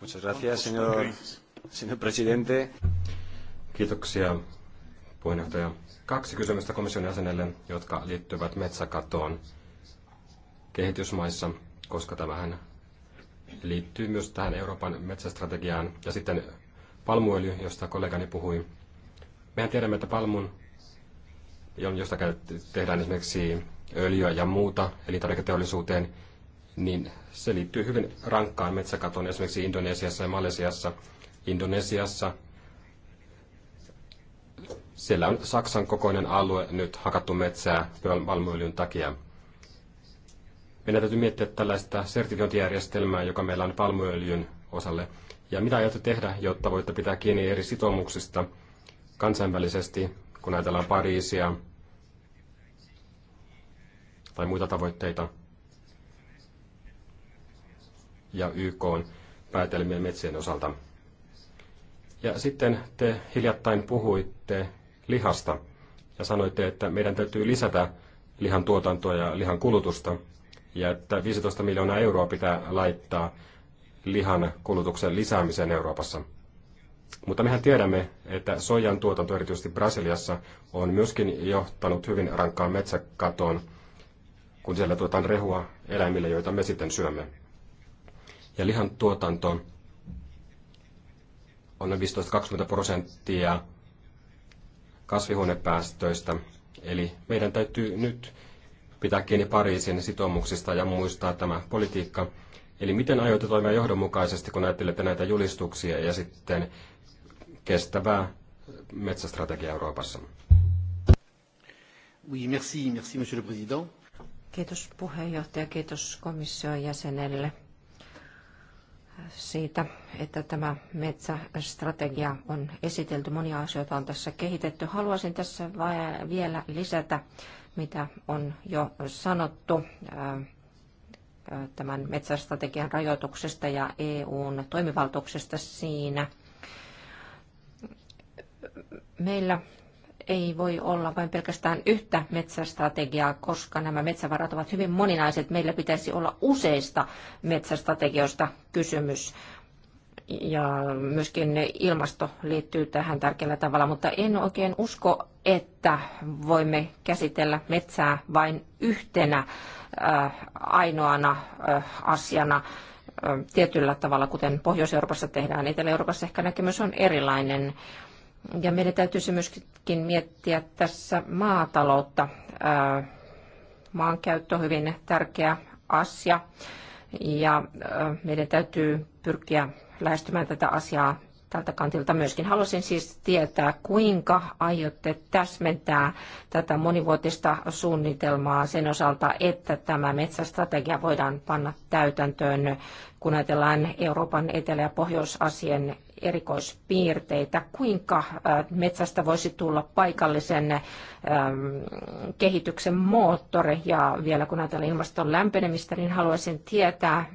Muchas gracias, señor, señor presidente. Kiitoksia, puheenjohtaja. Kaksi kysymystä komission jäsenelle, jotka liittyvät metsäkatoon kehitysmaissa, koska tämähän liittyy myös tähän Euroopan metsästrategiaan. Ja sitten palmuöljy, josta kollegani puhui. Mehän tiedämme, että palmun, josta tehdään esimerkiksi öljyä ja muuta elintarviketeollisuuteen, niin se liittyy hyvin rankkaan metsäkatoon esimerkiksi Indonesiassa ja Malesiassa. Indonesiassa siellä on Saksan kokoinen alue nyt hakattu metsää palmuöljyn takia. Meidän täytyy miettiä tällaista sertifiointijärjestelmää, joka meillä on palmuöljyn osalle. Ja mitä aiotte tehdä, jotta voitte pitää kiinni eri sitoumuksista kansainvälisesti, kun ajatellaan Pariisia tai muita tavoitteita ja YK on päätelmien metsien osalta. Ja sitten te hiljattain puhuitte lihasta ja sanoitte, että meidän täytyy lisätä lihan tuotantoa ja lihan kulutusta – ja että 15 miljoonaa euroa pitää laittaa lihan kulutuksen lisäämiseen Euroopassa. Mutta mehän tiedämme, että soijan tuotanto erityisesti Brasiliassa on myöskin johtanut hyvin rankkaan metsäkatoon, kun siellä tuotetaan rehua eläimille, joita me sitten syömme. Ja lihan tuotanto on 15-20 prosenttia kasvihuonepäästöistä. Eli meidän täytyy nyt pitää kiinni Pariisin sitoumuksista ja muistaa tämä politiikka. Eli miten aiotte toimia johdonmukaisesti, kun ajattelette näitä julistuksia ja sitten kestävää metsästrategiaa Euroopassa? Oui, merci, merci, monsieur le président. Kiitos puheenjohtaja, kiitos komission jäsenelle siitä, että tämä metsästrategia on esitelty. Monia asioita on tässä kehitetty. Haluaisin tässä vielä lisätä mitä on jo sanottu tämän metsästrategian rajoituksesta ja EUn toimivaltuuksesta siinä. Meillä ei voi olla vain pelkästään yhtä metsästrategiaa, koska nämä metsävarat ovat hyvin moninaiset. Meillä pitäisi olla useista metsästrategioista kysymys ja myöskin ilmasto liittyy tähän tärkeällä tavalla, mutta en oikein usko, että voimme käsitellä metsää vain yhtenä äh, ainoana äh, asiana äh, tietyllä tavalla, kuten Pohjois-Euroopassa tehdään. Etelä-Euroopassa ehkä näkemys on erilainen. Ja meidän täytyisi myöskin miettiä tässä maataloutta. Maankäyttö on hyvin tärkeä asia ja meidän täytyy pyrkiä lähestymään tätä asiaa tältä kantilta myöskin. Haluaisin siis tietää, kuinka aiotte täsmentää tätä monivuotista suunnitelmaa sen osalta, että tämä metsästrategia voidaan panna täytäntöön, kun ajatellaan Euroopan etelä- ja pohjoisasien erikoispiirteitä, kuinka äh, metsästä voisi tulla paikallisen ähm, kehityksen moottori. Ja vielä kun ajatellaan ilmaston lämpenemistä, niin haluaisin tietää,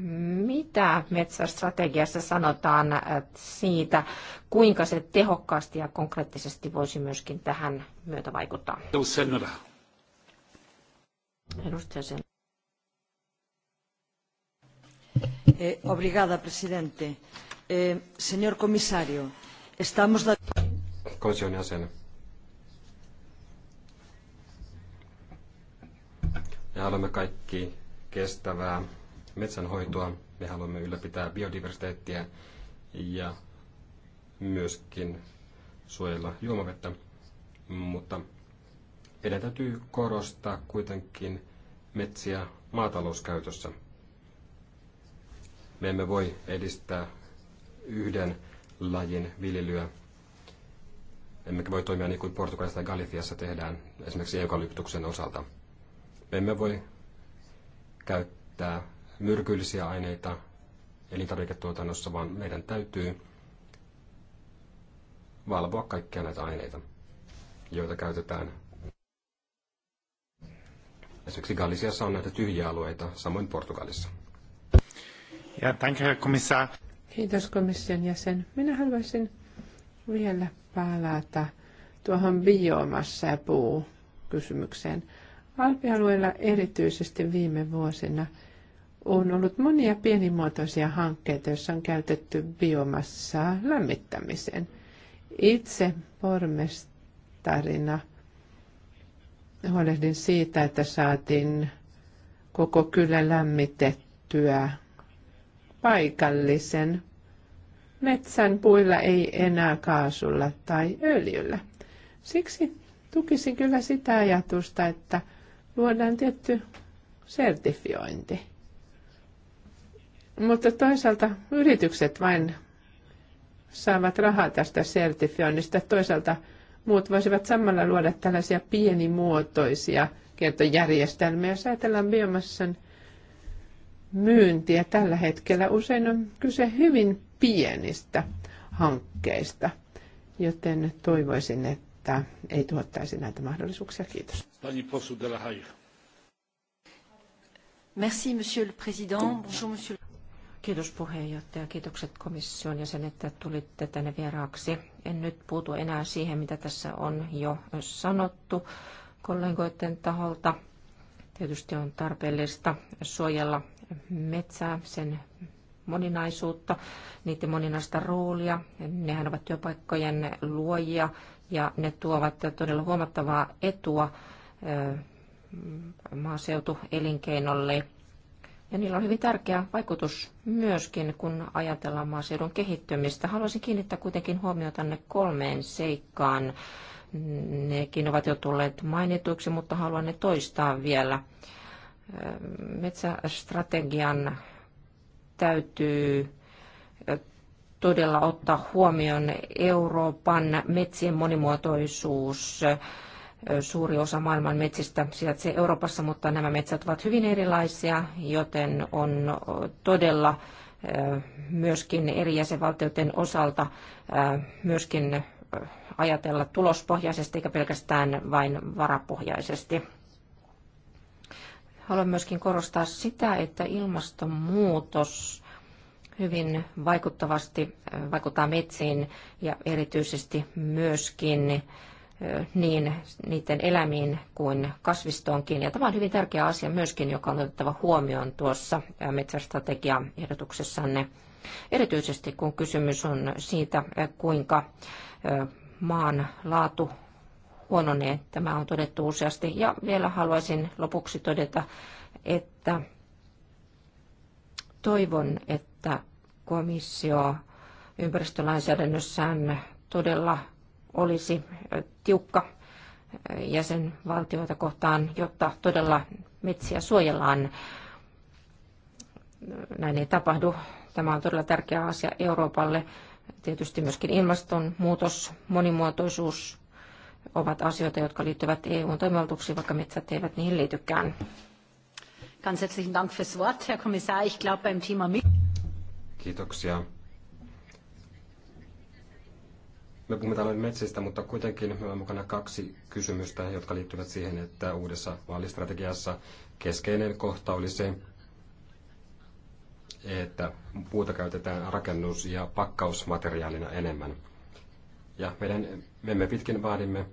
mitä metsästrategiassa sanotaan äh, siitä, kuinka se tehokkaasti ja konkreettisesti voisi myöskin tähän myötä vaikuttaa. Edustaja Sen. Eh, obrigada, presidente. Eh, señor comisario, estamos... Komission jäsen. Me haluamme kaikki kestävää metsänhoitoa, me haluamme ylläpitää biodiversiteettiä ja myöskin suojella juomavettä, mutta meidän täytyy korostaa kuitenkin metsiä maatalouskäytössä. Me emme voi edistää yhden lajin viljelyä. Emmekä voi toimia niin kuin Portugalissa tai Galiciassa tehdään, esimerkiksi eukalyptuksen osalta. Me emme voi käyttää myrkyllisiä aineita elintarviketuotannossa, vaan meidän täytyy valvoa kaikkia näitä aineita, joita käytetään. Esimerkiksi Galisiassa on näitä tyhjiä alueita, samoin Portugalissa. Ja, danke, Herr Kommissar. Kiitos komission jäsen. Minä haluaisin vielä palata tuohon biomassa ja puu kysymykseen. Alpialueella erityisesti viime vuosina on ollut monia pienimuotoisia hankkeita, joissa on käytetty biomassaa lämmittämiseen. Itse pormestarina huolehdin siitä, että saatiin koko kylä lämmitettyä paikallisen metsän puilla, ei enää kaasulla tai öljyllä. Siksi tukisin kyllä sitä ajatusta, että luodaan tietty sertifiointi. Mutta toisaalta yritykset vain saavat rahaa tästä sertifioinnista. Toisaalta muut voisivat samalla luoda tällaisia pienimuotoisia kiertojärjestelmiä. Jos ajatellaan biomassan myyntiä tällä hetkellä usein on kyse hyvin pienistä hankkeista, joten toivoisin, että ei tuottaisi näitä mahdollisuuksia. Kiitos. Merci, monsieur le président. Bonjour, monsieur Kiitos puheenjohtaja. Kiitokset komission jäsen, että tulitte tänne vieraaksi. En nyt puutu enää siihen, mitä tässä on jo sanottu kollegoiden taholta. Tietysti on tarpeellista suojella metsää, sen moninaisuutta, niiden moninaista roolia. Nehän ovat työpaikkojen luojia ja ne tuovat todella huomattavaa etua maaseutuelinkeinolle. Ja niillä on hyvin tärkeä vaikutus myöskin, kun ajatellaan maaseudun kehittymistä. Haluaisin kiinnittää kuitenkin huomiota tänne kolmeen seikkaan. Nekin ovat jo tulleet mainituiksi, mutta haluan ne toistaa vielä metsästrategian täytyy todella ottaa huomioon Euroopan metsien monimuotoisuus. Suuri osa maailman metsistä sijaitsee Euroopassa, mutta nämä metsät ovat hyvin erilaisia, joten on todella myöskin eri jäsenvaltioiden osalta myöskin ajatella tulospohjaisesti eikä pelkästään vain varapohjaisesti. Haluan myöskin korostaa sitä, että ilmastonmuutos hyvin vaikuttavasti äh, vaikuttaa metsiin ja erityisesti myöskin äh, niin niiden elämiin kuin kasvistoonkin. Ja tämä on hyvin tärkeä asia myöskin, joka on otettava huomioon tuossa äh, metsästrategia-ehdotuksessanne. Erityisesti kun kysymys on siitä, kuinka maan laatu huononee. Niin, tämä on todettu useasti. Ja vielä haluaisin lopuksi todeta, että toivon, että komissio ympäristölainsäädännössään todella olisi tiukka jäsenvaltioita kohtaan, jotta todella metsiä suojellaan. Näin ei tapahdu. Tämä on todella tärkeä asia Euroopalle. Tietysti myöskin ilmastonmuutos, monimuotoisuus, ovat asioita, jotka liittyvät EUn toimivaltuuksiin, vaikka metsät eivät niihin liitykään. Ganz herzlichen Dank fürs Wort, Herr Kommissar. Ich glaube beim Thema Kiitoksia. Me puhumme täällä metsistä, mutta kuitenkin meillä on mukana kaksi kysymystä, jotka liittyvät siihen, että uudessa vaalistrategiassa keskeinen kohta oli se, että puuta käytetään rakennus- ja pakkausmateriaalina enemmän. Ja meidän, me pitkin vaadimme,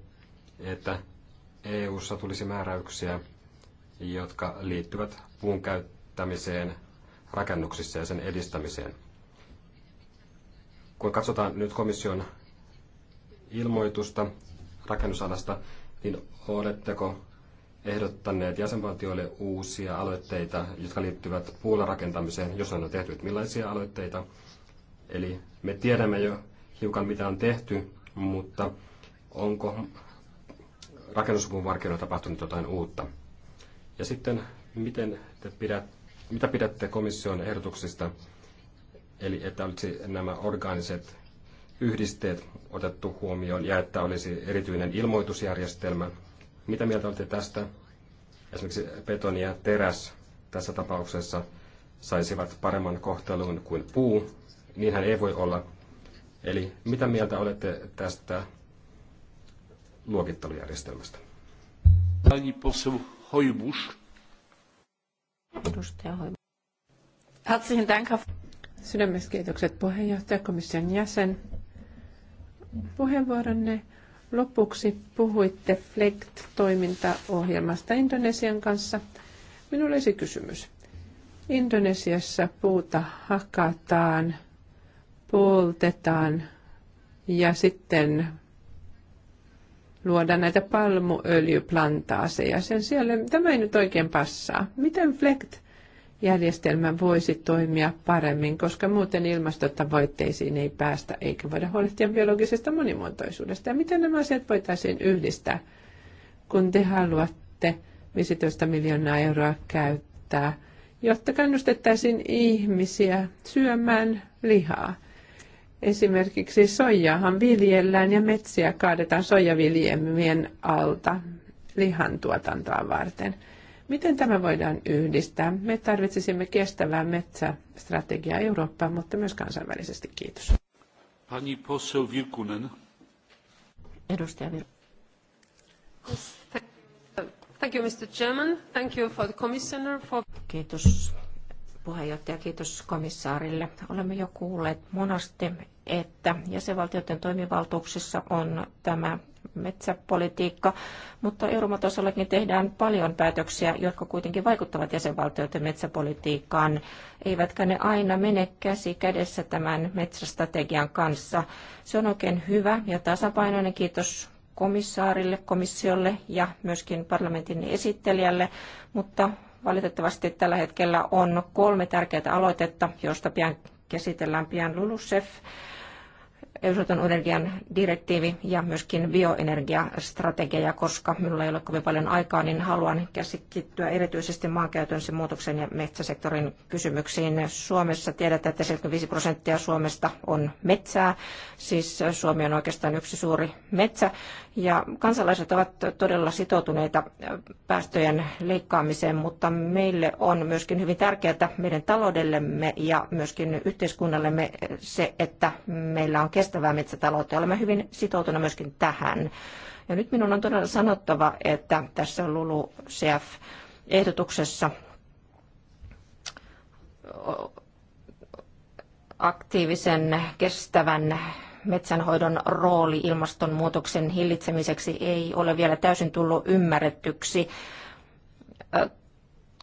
että EU-ssa tulisi määräyksiä, jotka liittyvät puun käyttämiseen rakennuksissa ja sen edistämiseen. Kun katsotaan nyt komission ilmoitusta rakennusalasta, niin oletteko ehdottaneet jäsenvaltioille uusia aloitteita, jotka liittyvät puulla rakentamiseen, jos on tehty, millaisia aloitteita. Eli me tiedämme jo hiukan mitä on tehty, mutta onko rakennusopun markkinoilla tapahtunut jotain uutta? Ja sitten, miten te pidät, mitä pidätte komission ehdotuksista, eli että olisi nämä orgaaniset yhdisteet otettu huomioon ja että olisi erityinen ilmoitusjärjestelmä. Mitä mieltä olette tästä? Esimerkiksi betoni ja teräs tässä tapauksessa saisivat paremman kohtelun kuin puu. Niinhän ei voi olla, Eli mitä mieltä olette tästä luokittelujärjestelmästä? Pani poseł Hojbusz. Herzlichen Dank. Sydämestä kiitokset puheenjohtaja, komission jäsen. Puheenvuoronne lopuksi puhuitte FLECT-toimintaohjelmasta Indonesian kanssa. Minulla olisi kysymys. Indonesiassa puuta hakataan – poltetaan ja sitten luoda näitä palmuöljyplantaaseja sen siellä. Tämä ei nyt oikein passaa. Miten FLECT-järjestelmä voisi toimia paremmin, koska muuten ilmastotavoitteisiin ei päästä eikä voida huolehtia biologisesta monimuotoisuudesta. Ja miten nämä asiat voitaisiin yhdistää, kun te haluatte 15 miljoonaa euroa käyttää, jotta kannustettaisiin ihmisiä syömään lihaa. Esimerkiksi soijaahan viljellään ja metsiä kaadetaan soijaviljelmien alta lihantuotantoa varten. Miten tämä voidaan yhdistää? Me tarvitsisimme kestävää metsästrategiaa Eurooppaan, mutta myös kansainvälisesti. Kiitos. Pani poseł Virkunen. Edustaja Virkunen. Thank you, Mr. Chairman. Thank you for the commissioner for... Kiitos puheenjohtaja, kiitos komissaarille. Olemme jo kuulleet monasti, että jäsenvaltioiden toimivaltuuksissa on tämä metsäpolitiikka, mutta Euroopan tasollakin tehdään paljon päätöksiä, jotka kuitenkin vaikuttavat jäsenvaltioiden metsäpolitiikkaan, eivätkä ne aina mene käsi kädessä tämän metsästrategian kanssa. Se on oikein hyvä ja tasapainoinen. Kiitos komissaarille, komissiolle ja myöskin parlamentin esittelijälle, mutta Valitettavasti tällä hetkellä on kolme tärkeää aloitetta, joista pian käsitellään pian LULUSEF, Euroopan energian direktiivi ja myöskin bioenergiastrategia, koska minulla ei ole kovin paljon aikaa, niin haluan käsittyä erityisesti maankäytön, sen muutoksen ja metsäsektorin kysymyksiin. Suomessa tiedetään, että 75 prosenttia Suomesta on metsää, siis Suomi on oikeastaan yksi suuri metsä ja kansalaiset ovat todella sitoutuneita päästöjen leikkaamiseen, mutta meille on myöskin hyvin tärkeää meidän taloudellemme ja myöskin yhteiskunnallemme se, että meillä on kestävää metsätaloutta. Olemme hyvin sitoutuneita myöskin tähän. Ja nyt minun on todella sanottava, että tässä LULU-CF-ehdotuksessa aktiivisen kestävän metsänhoidon rooli ilmastonmuutoksen hillitsemiseksi ei ole vielä täysin tullut ymmärrettyksi.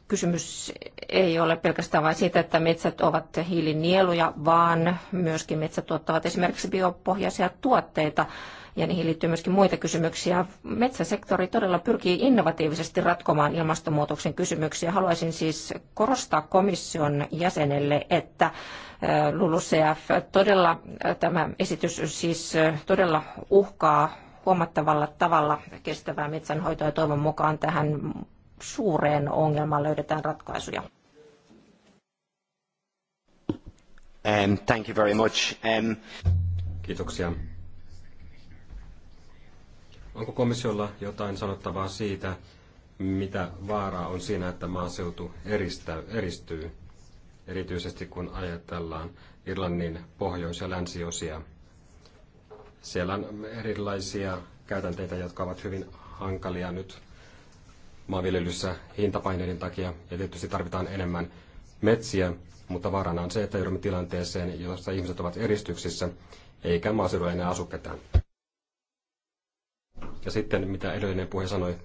Kysymys ei ole pelkästään vain siitä, että metsät ovat hiilinieluja, vaan myöskin metsät tuottavat esimerkiksi biopohjaisia tuotteita ja niihin liittyy myöskin muita kysymyksiä. Metsäsektori todella pyrkii innovatiivisesti ratkomaan ilmastonmuutoksen kysymyksiä. Haluaisin siis korostaa komission jäsenelle, että äh, LULUCF todella, äh, tämä esitys siis äh, todella uhkaa huomattavalla tavalla kestävää metsänhoitoa ja toivon mukaan tähän suureen ongelmaan löydetään ratkaisuja. Um, thank you very much. Um... Kiitoksia. Onko komissiolla jotain sanottavaa siitä, mitä vaaraa on siinä, että maaseutu eristä, eristyy, erityisesti kun ajatellaan Irlannin pohjois- ja länsiosia? Siellä on erilaisia käytänteitä, jotka ovat hyvin hankalia nyt maanviljelyssä hintapaineiden takia, ja tietysti tarvitaan enemmän metsiä, mutta vaarana on se, että joudumme tilanteeseen, jossa ihmiset ovat eristyksissä, eikä maaseudulla enää asu ketään. Ja sitten mitä edellinen puhe sanoi,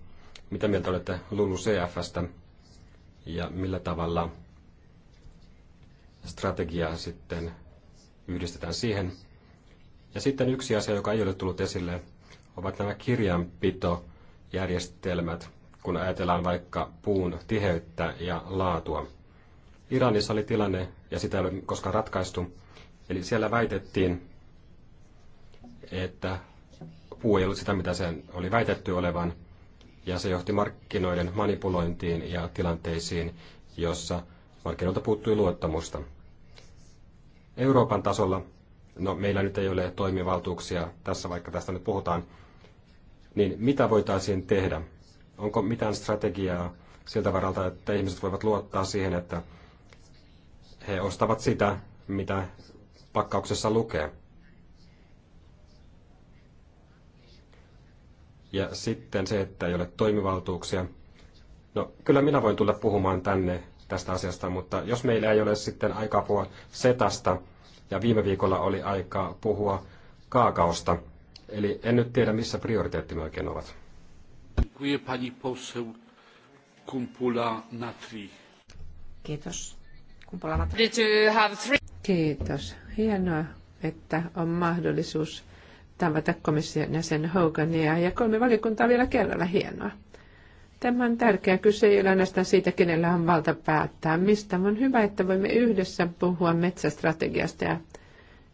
mitä mieltä olette Lulu CFstä ja millä tavalla strategiaa sitten yhdistetään siihen. Ja sitten yksi asia, joka ei ole tullut esille, ovat nämä kirjanpitojärjestelmät, kun ajatellaan vaikka puun tiheyttä ja laatua. Iranissa oli tilanne, ja sitä ei ole koskaan ratkaistu, eli siellä väitettiin, että puu ei ollut sitä, mitä sen oli väitetty olevan, ja se johti markkinoiden manipulointiin ja tilanteisiin, jossa markkinoilta puuttui luottamusta. Euroopan tasolla, no meillä nyt ei ole toimivaltuuksia tässä, vaikka tästä nyt puhutaan, niin mitä voitaisiin tehdä? Onko mitään strategiaa siltä varalta, että ihmiset voivat luottaa siihen, että he ostavat sitä, mitä pakkauksessa lukee? ja sitten se, että ei ole toimivaltuuksia. No, kyllä minä voin tulla puhumaan tänne tästä asiasta, mutta jos meillä ei ole sitten aikaa puhua setasta, ja viime viikolla oli aikaa puhua kaakaosta, eli en nyt tiedä, missä prioriteettimme oikein ovat. Kiitos. Kumpula Kiitos. Hienoa, että on mahdollisuus tavata komission jäsen Hogania ja kolme valiokuntaa vielä kerralla. Hienoa. Tämä on tärkeä kyse ei ole ainoastaan siitä, kenellä on valta päättää, mistä on hyvä, että voimme yhdessä puhua metsästrategiasta ja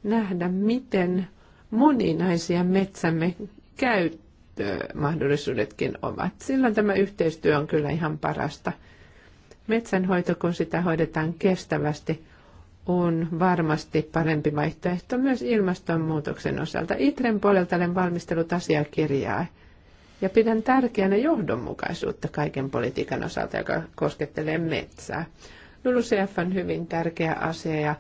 nähdä, miten moninaisia metsämme käyttömahdollisuudetkin ovat. Silloin tämä yhteistyö on kyllä ihan parasta. Metsänhoito, kun sitä hoidetaan kestävästi, on varmasti parempi vaihtoehto myös ilmastonmuutoksen osalta. Itren puolelta olen valmistellut asiakirjaa ja pidän tärkeänä johdonmukaisuutta kaiken politiikan osalta, joka koskettelee metsää. LULUCF on hyvin tärkeä asia ja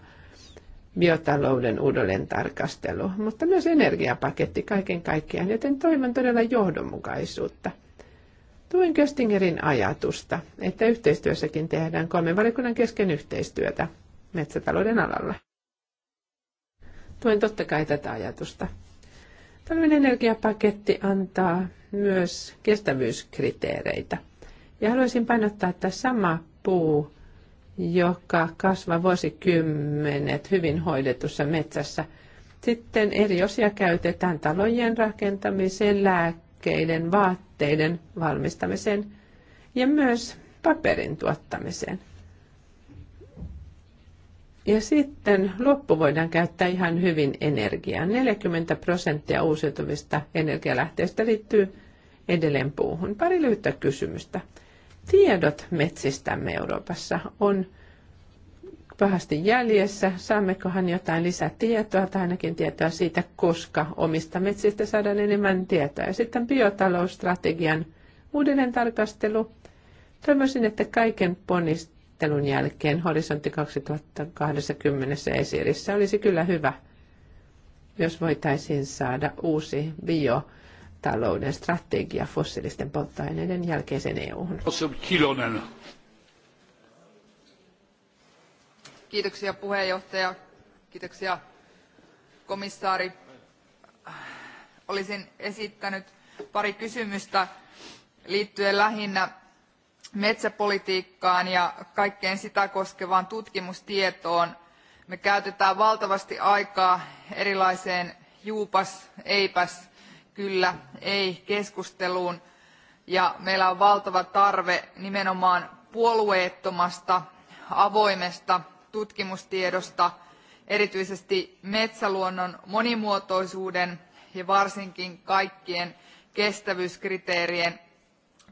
biotalouden uudelleen tarkastelu, mutta myös energiapaketti kaiken kaikkiaan, joten toivon todella johdonmukaisuutta. Tuin Köstingerin ajatusta, että yhteistyössäkin tehdään kolmen valikunnan kesken yhteistyötä – metsätalouden alalla. Tuen totta kai tätä ajatusta. Tällainen energiapaketti antaa myös kestävyyskriteereitä. Ja haluaisin painottaa, että sama puu, joka kasvaa vuosikymmenet hyvin hoidetussa metsässä, sitten eri osia käytetään talojen rakentamiseen, lääkkeiden, vaatteiden valmistamiseen ja myös paperin tuottamiseen – ja sitten loppu voidaan käyttää ihan hyvin energiaan. 40 prosenttia uusiutuvista energialähteistä liittyy edelleen puuhun. Pari lyhyttä kysymystä. Tiedot metsistämme Euroopassa on pahasti jäljessä. Saammekohan jotain lisätietoa tai ainakin tietoa siitä, koska omista metsistä saadaan enemmän tietoa. Ja sitten biotalousstrategian uudelleen tarkastelu. Toivoisin, että kaiken neuvottelun jälkeen horisontti 2020 esirissä olisi kyllä hyvä, jos voitaisiin saada uusi talouden strategia fossiilisten polttoaineiden jälkeisen EU-hun. Kiitoksia puheenjohtaja. Kiitoksia komissaari. Olisin esittänyt pari kysymystä liittyen lähinnä metsäpolitiikkaan ja kaikkeen sitä koskevaan tutkimustietoon. Me käytetään valtavasti aikaa erilaiseen juupas, eipäs, kyllä, ei keskusteluun ja meillä on valtava tarve nimenomaan puolueettomasta, avoimesta tutkimustiedosta, erityisesti metsäluonnon monimuotoisuuden ja varsinkin kaikkien kestävyyskriteerien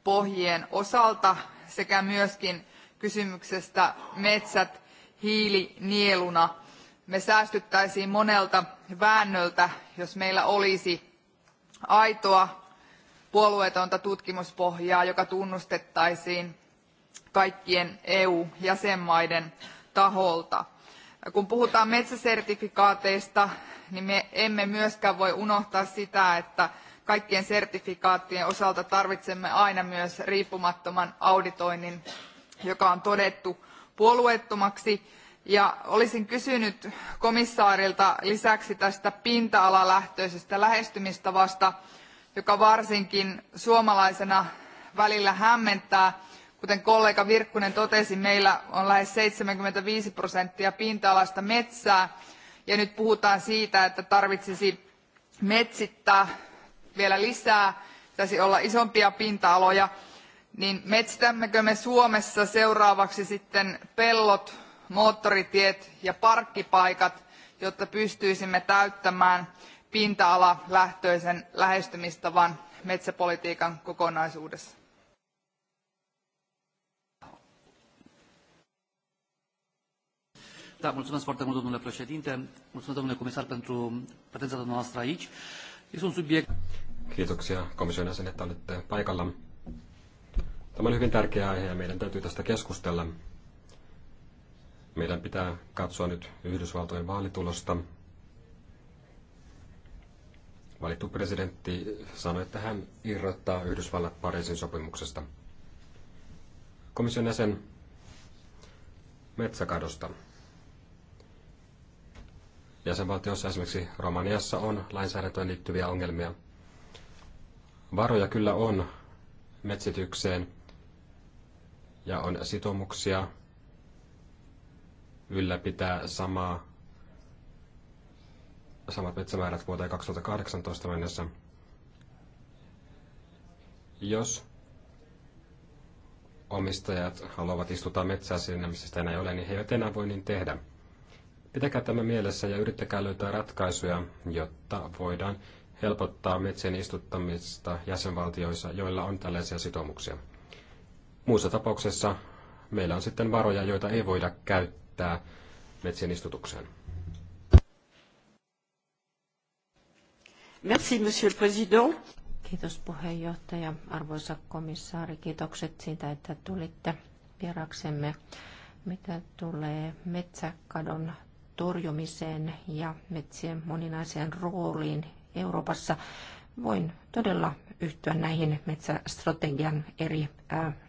pohjien osalta sekä myöskin kysymyksestä metsät hiilinieluna. Me säästyttäisiin monelta väännöltä, jos meillä olisi aitoa puolueetonta tutkimuspohjaa, joka tunnustettaisiin kaikkien EU-jäsenmaiden taholta. Kun puhutaan metsäsertifikaateista, niin me emme myöskään voi unohtaa sitä, että kaikkien sertifikaattien osalta tarvitsemme aina myös riippumattoman auditoinnin, joka on todettu puolueettomaksi. Ja olisin kysynyt komissaarilta lisäksi tästä pinta-alalähtöisestä lähestymistavasta, joka varsinkin suomalaisena välillä hämmentää. Kuten kollega Virkkunen totesi, meillä on lähes 75 prosenttia pinta-alasta metsää, ja nyt puhutaan siitä, että tarvitsisi metsittää vielä lisää, pitäisi olla isompia pinta-aloja, niin metsitämmekö me Suomessa seuraavaksi sitten pellot, moottoritiet ja parkkipaikat, jotta pystyisimme täyttämään pinta-alalähtöisen lähestymistavan metsäpolitiikan kokonaisuudessa? Da, mulțumesc foarte mult, domnule președinte. Mulțumesc, domnule comisar, pentru prezența noastră aici. Kiitoksia komission jäsen, että olette paikalla. Tämä on hyvin tärkeä aihe ja meidän täytyy tästä keskustella. Meidän pitää katsoa nyt Yhdysvaltojen vaalitulosta. Valittu presidentti sanoi, että hän irrottaa Yhdysvallat Pariisin sopimuksesta. Komission jäsen metsäkadosta jäsenvaltioissa, esimerkiksi Romaniassa, on lainsäädäntöön liittyviä ongelmia. Varoja kyllä on metsitykseen ja on sitoumuksia ylläpitää samaa, samat metsämäärät vuoteen 2018 mennessä. Jos omistajat haluavat istuttaa metsää sinne, missä sitä enää ei ole, niin he eivät enää voi niin tehdä – Pitäkää tämä mielessä ja yrittäkää löytää ratkaisuja, jotta voidaan helpottaa metsien istuttamista jäsenvaltioissa, joilla on tällaisia sitoumuksia. Muussa tapauksessa meillä on sitten varoja, joita ei voida käyttää metsien istutukseen. Merci, monsieur le président. Kiitos puheenjohtaja. Arvoisa komissaari, kiitokset siitä, että tulitte vieraksemme. Mitä tulee metsäkadon torjumiseen ja metsien moninaiseen rooliin Euroopassa. Voin todella yhtyä näihin metsästrategian eri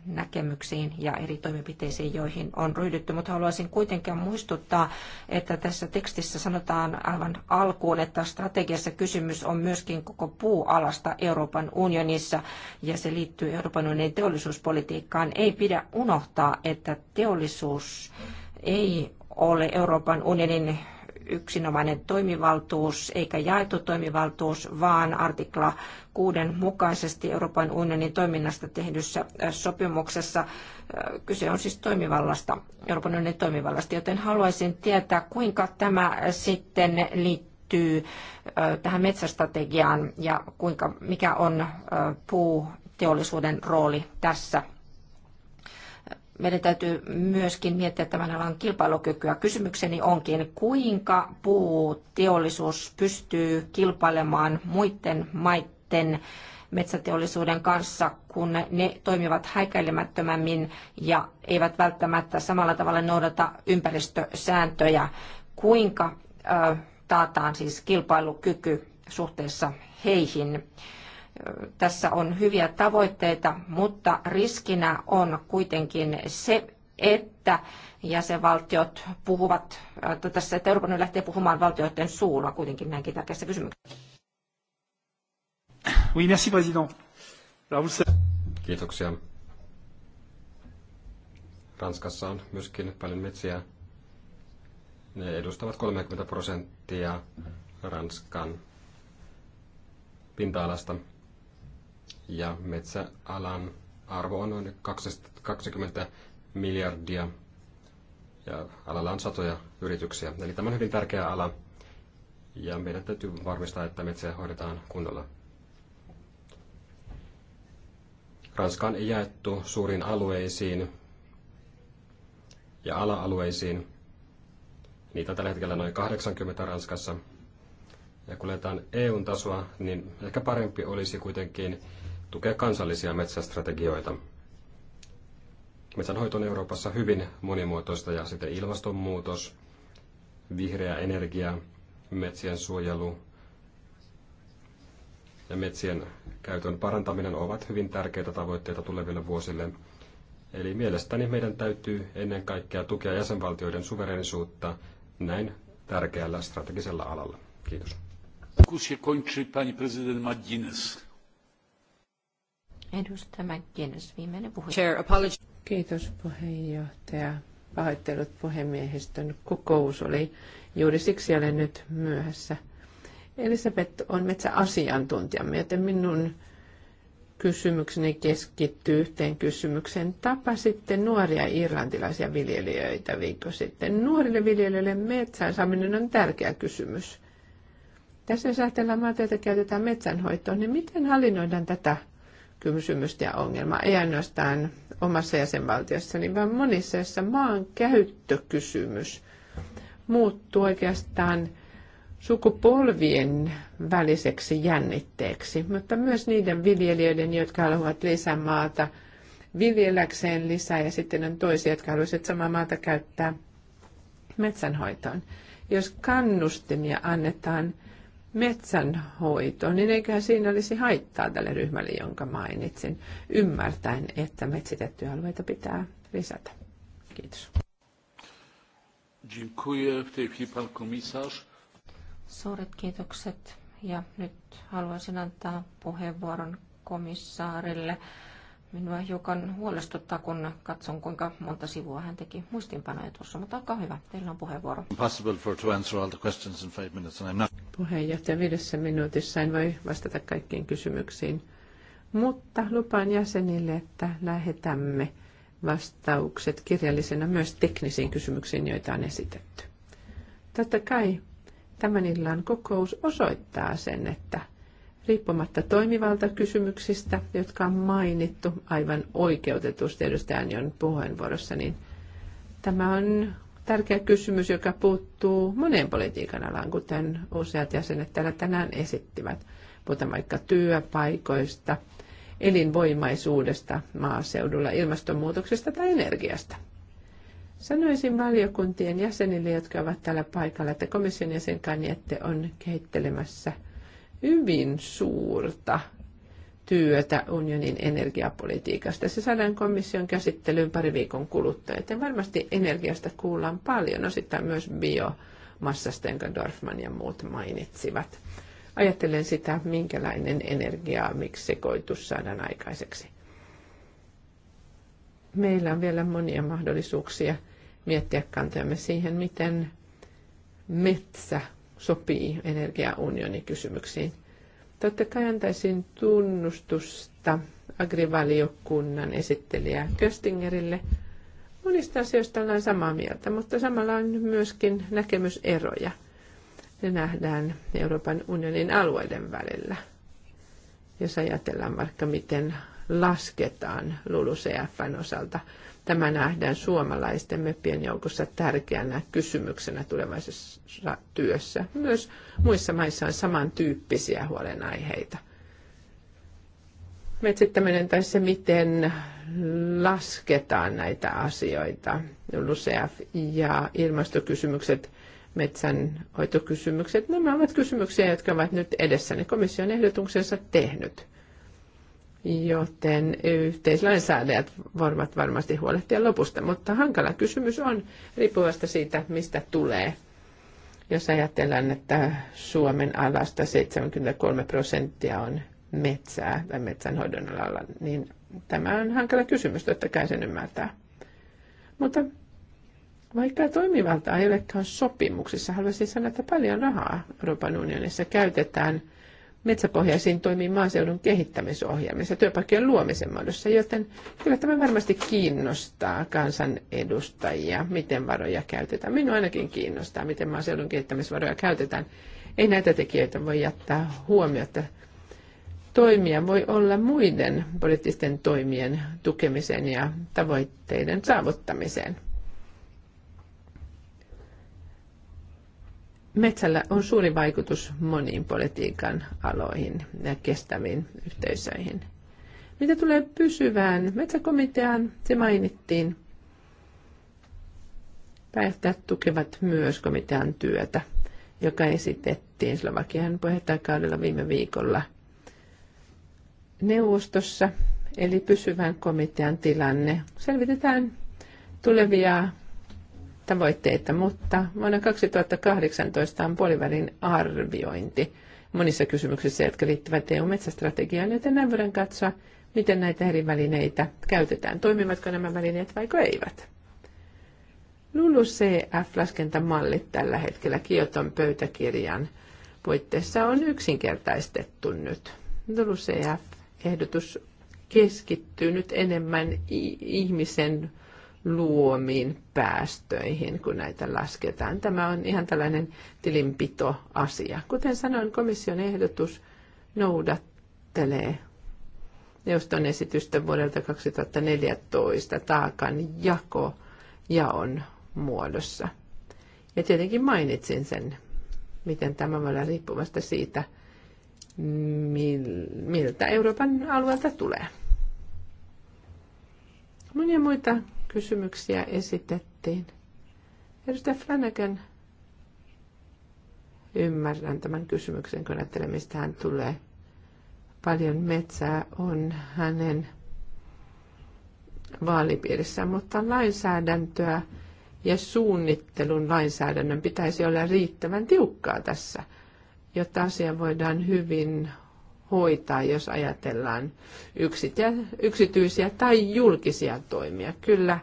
näkemyksiin ja eri toimenpiteisiin, joihin on ryhdytty, mutta haluaisin kuitenkin muistuttaa, että tässä tekstissä sanotaan aivan alkuun, että strategiassa kysymys on myöskin koko puualasta Euroopan unionissa ja se liittyy Euroopan unionin teollisuuspolitiikkaan. Ei pidä unohtaa, että teollisuus ei ole Euroopan unionin yksinomainen toimivaltuus eikä jaettu toimivaltuus, vaan artikla 6 mukaisesti Euroopan unionin toiminnasta tehdyssä äh, sopimuksessa. Äh, kyse on siis toimivallasta, Euroopan unionin toimivallasta, joten haluaisin tietää, kuinka tämä sitten liittyy äh, tähän metsästrategiaan ja kuinka, mikä on puuteollisuuden rooli tässä meidän täytyy myöskin miettiä tämän alan kilpailukykyä. Kysymykseni onkin, kuinka puuteollisuus pystyy kilpailemaan muiden maiden metsäteollisuuden kanssa, kun ne toimivat häikäilemättömämmin ja eivät välttämättä samalla tavalla noudata ympäristösääntöjä. Kuinka taataan siis kilpailukyky suhteessa heihin? Tässä on hyviä tavoitteita, mutta riskinä on kuitenkin se, että jäsenvaltiot puhuvat, että tässä että Euroopan lähtee puhumaan valtioiden suulla kuitenkin näinkin tärkeässä kysymyksessä. Oui, merci, président. Kiitoksia. Ranskassa on myöskin paljon metsiä. Ne edustavat 30 prosenttia Ranskan pinta-alasta ja metsäalan arvo on noin 20 miljardia ja alalla on satoja yrityksiä. Eli tämä on hyvin tärkeä ala ja meidän täytyy varmistaa, että metsiä hoidetaan kunnolla. Ranska on jaettu suuriin alueisiin ja ala-alueisiin. Niitä on tällä hetkellä noin 80 Ranskassa. Ja kun lähdetään EUn tasoa, niin ehkä parempi olisi kuitenkin tukea kansallisia metsästrategioita. Metsänhoito on Euroopassa hyvin monimuotoista ja sitten ilmastonmuutos, vihreä energia, metsien suojelu ja metsien käytön parantaminen ovat hyvin tärkeitä tavoitteita tuleville vuosille. Eli mielestäni meidän täytyy ennen kaikkea tukea jäsenvaltioiden suverenisuutta näin tärkeällä strategisella alalla. Kiitos. Dyskusję kończy pani prezydent Edustaja McGinnis, viimeinen puhuja. Chair, apology. Kiitos puheenjohtaja. Pahoittelut puhemiehistön kokous oli juuri siksi olen nyt myöhässä. Elisabeth on metsäasiantuntijamme, joten minun kysymykseni keskittyy yhteen kysymykseen. Tapasitte nuoria irlantilaisia viljelijöitä viikko sitten. Nuorille viljelijöille metsään saaminen on tärkeä kysymys. Tässä jos ajatellaan maata, jota käytetään metsänhoitoon, niin miten hallinnoidaan tätä kysymys ja ongelma, ei ainoastaan omassa jäsenvaltiossani, niin vaan monissa, joissa maan käyttökysymys muuttuu oikeastaan sukupolvien väliseksi jännitteeksi, mutta myös niiden viljelijöiden, jotka haluavat lisää maata viljelläkseen lisää, ja sitten on toisia, jotka haluaisivat samaa maata käyttää metsänhoitoon. Jos kannustimia annetaan metsänhoito, niin eiköhän siinä olisi haittaa tälle ryhmälle, jonka mainitsin, ymmärtäen, että metsitettyjä alueita pitää lisätä. Kiitos. Suuret kiitokset. Ja nyt haluaisin antaa puheenvuoron komissaarille. Minua hiukan huolestuttaa, kun katson, kuinka monta sivua hän teki Muistiinpanoja tuossa, mutta olkaa hyvä, teillä on puheenvuoro puheenjohtaja viidessä minuutissa en voi vastata kaikkiin kysymyksiin, mutta lupaan jäsenille, että lähetämme vastaukset kirjallisena myös teknisiin kysymyksiin, joita on esitetty. Totta kai tämän illan kokous osoittaa sen, että riippumatta kysymyksistä, jotka on mainittu aivan oikeutetusti edustajan puheenvuorossa, niin tämä on tärkeä kysymys, joka puuttuu moneen politiikan alaan, kuten useat jäsenet täällä tänään esittivät. Puhutaan vaikka työpaikoista, elinvoimaisuudesta maaseudulla, ilmastonmuutoksesta tai energiasta. Sanoisin valiokuntien jäsenille, jotka ovat täällä paikalla, että komission jäsen Kanjette on kehittelemässä hyvin suurta työtä unionin energiapolitiikasta. Se saadaan komission käsittelyyn pari viikon kuluttua, joten varmasti energiasta kuullaan paljon, osittain myös biomassasta, jonka Dorfman ja muut mainitsivat. Ajattelen sitä, minkälainen energiaa, miksi sekoitus saadaan aikaiseksi. Meillä on vielä monia mahdollisuuksia miettiä kantojamme siihen, miten metsä sopii energiaunionikysymyksiin Totta kai antaisin tunnustusta agrivaliokunnan esittelijä Köstingerille. Monista asioista ollaan samaa mieltä, mutta samalla on myöskin näkemyseroja. Ne nähdään Euroopan unionin alueiden välillä. Jos ajatellaan vaikka, miten lasketaan LULUCFn osalta – Tämä nähdään suomalaisten meppien joukossa tärkeänä kysymyksenä tulevaisessa työssä. Myös muissa maissa on samantyyppisiä huolenaiheita. Metsittäminen tai se, miten lasketaan näitä asioita, LUSEAF ja ilmastokysymykset – metsänhoitokysymykset. Nämä ovat kysymyksiä, jotka ovat nyt edessä. Ne komission ehdotuksensa tehnyt joten säädäjät varmat varmasti huolehtia lopusta. Mutta hankala kysymys on riippuvasta siitä, mistä tulee. Jos ajatellaan, että Suomen alasta 73 prosenttia on metsää tai metsänhoidon alalla, niin tämä on hankala kysymys, totta kai sen ymmärtää. Mutta vaikka toimivalta ei olekaan sopimuksissa, haluaisin sanoa, että paljon rahaa Euroopan unionissa käytetään – metsäpohjaisiin toimiin maaseudun kehittämisohjelmissa, työpaikkojen luomisen muodossa, joten kyllä tämä varmasti kiinnostaa kansanedustajia, miten varoja käytetään. Minua ainakin kiinnostaa, miten maaseudun kehittämisvaroja käytetään. Ei näitä tekijöitä voi jättää huomiota. Toimia voi olla muiden poliittisten toimien tukemiseen ja tavoitteiden saavuttamiseen. Metsällä on suuri vaikutus moniin politiikan aloihin ja kestäviin yhteisöihin. Mitä tulee pysyvään metsäkomiteaan, se mainittiin. Päättäjät tukevat myös komitean työtä, joka esitettiin Slovakian puheenjohtajakaudella viime viikolla neuvostossa, eli pysyvän komitean tilanne. Selvitetään tulevia tavoitteita, mutta vuonna 2018 on puolivälin arviointi monissa kysymyksissä, jotka liittyvät EU-metsästrategiaan, joten näin voidaan katsoa, miten näitä eri välineitä käytetään. Toimivatko nämä välineet vai eivät? LULU-CF-laskentamalli tällä hetkellä Kioton pöytäkirjan puitteissa on yksinkertaistettu nyt. cf ehdotus keskittyy nyt enemmän ihmisen luomiin päästöihin, kun näitä lasketaan. Tämä on ihan tällainen tilinpitoasia. Kuten sanoin, komission ehdotus noudattelee neuvoston esitystä vuodelta 2014 taakan jako jaon muodossa. Ja tietenkin mainitsin sen, miten tämä voi olla riippuvasta siitä, miltä Euroopan alueelta tulee. Monia muita kysymyksiä esitettiin. Edustaja Flanagan, ymmärrän tämän kysymyksen, kun ajattelen, mistä hän tulee. Paljon metsää on hänen vaalipiirissään, mutta lainsäädäntöä ja suunnittelun lainsäädännön pitäisi olla riittävän tiukkaa tässä, jotta asia voidaan hyvin hoitaa, jos ajatellaan yksityisiä tai julkisia toimia. Kyllä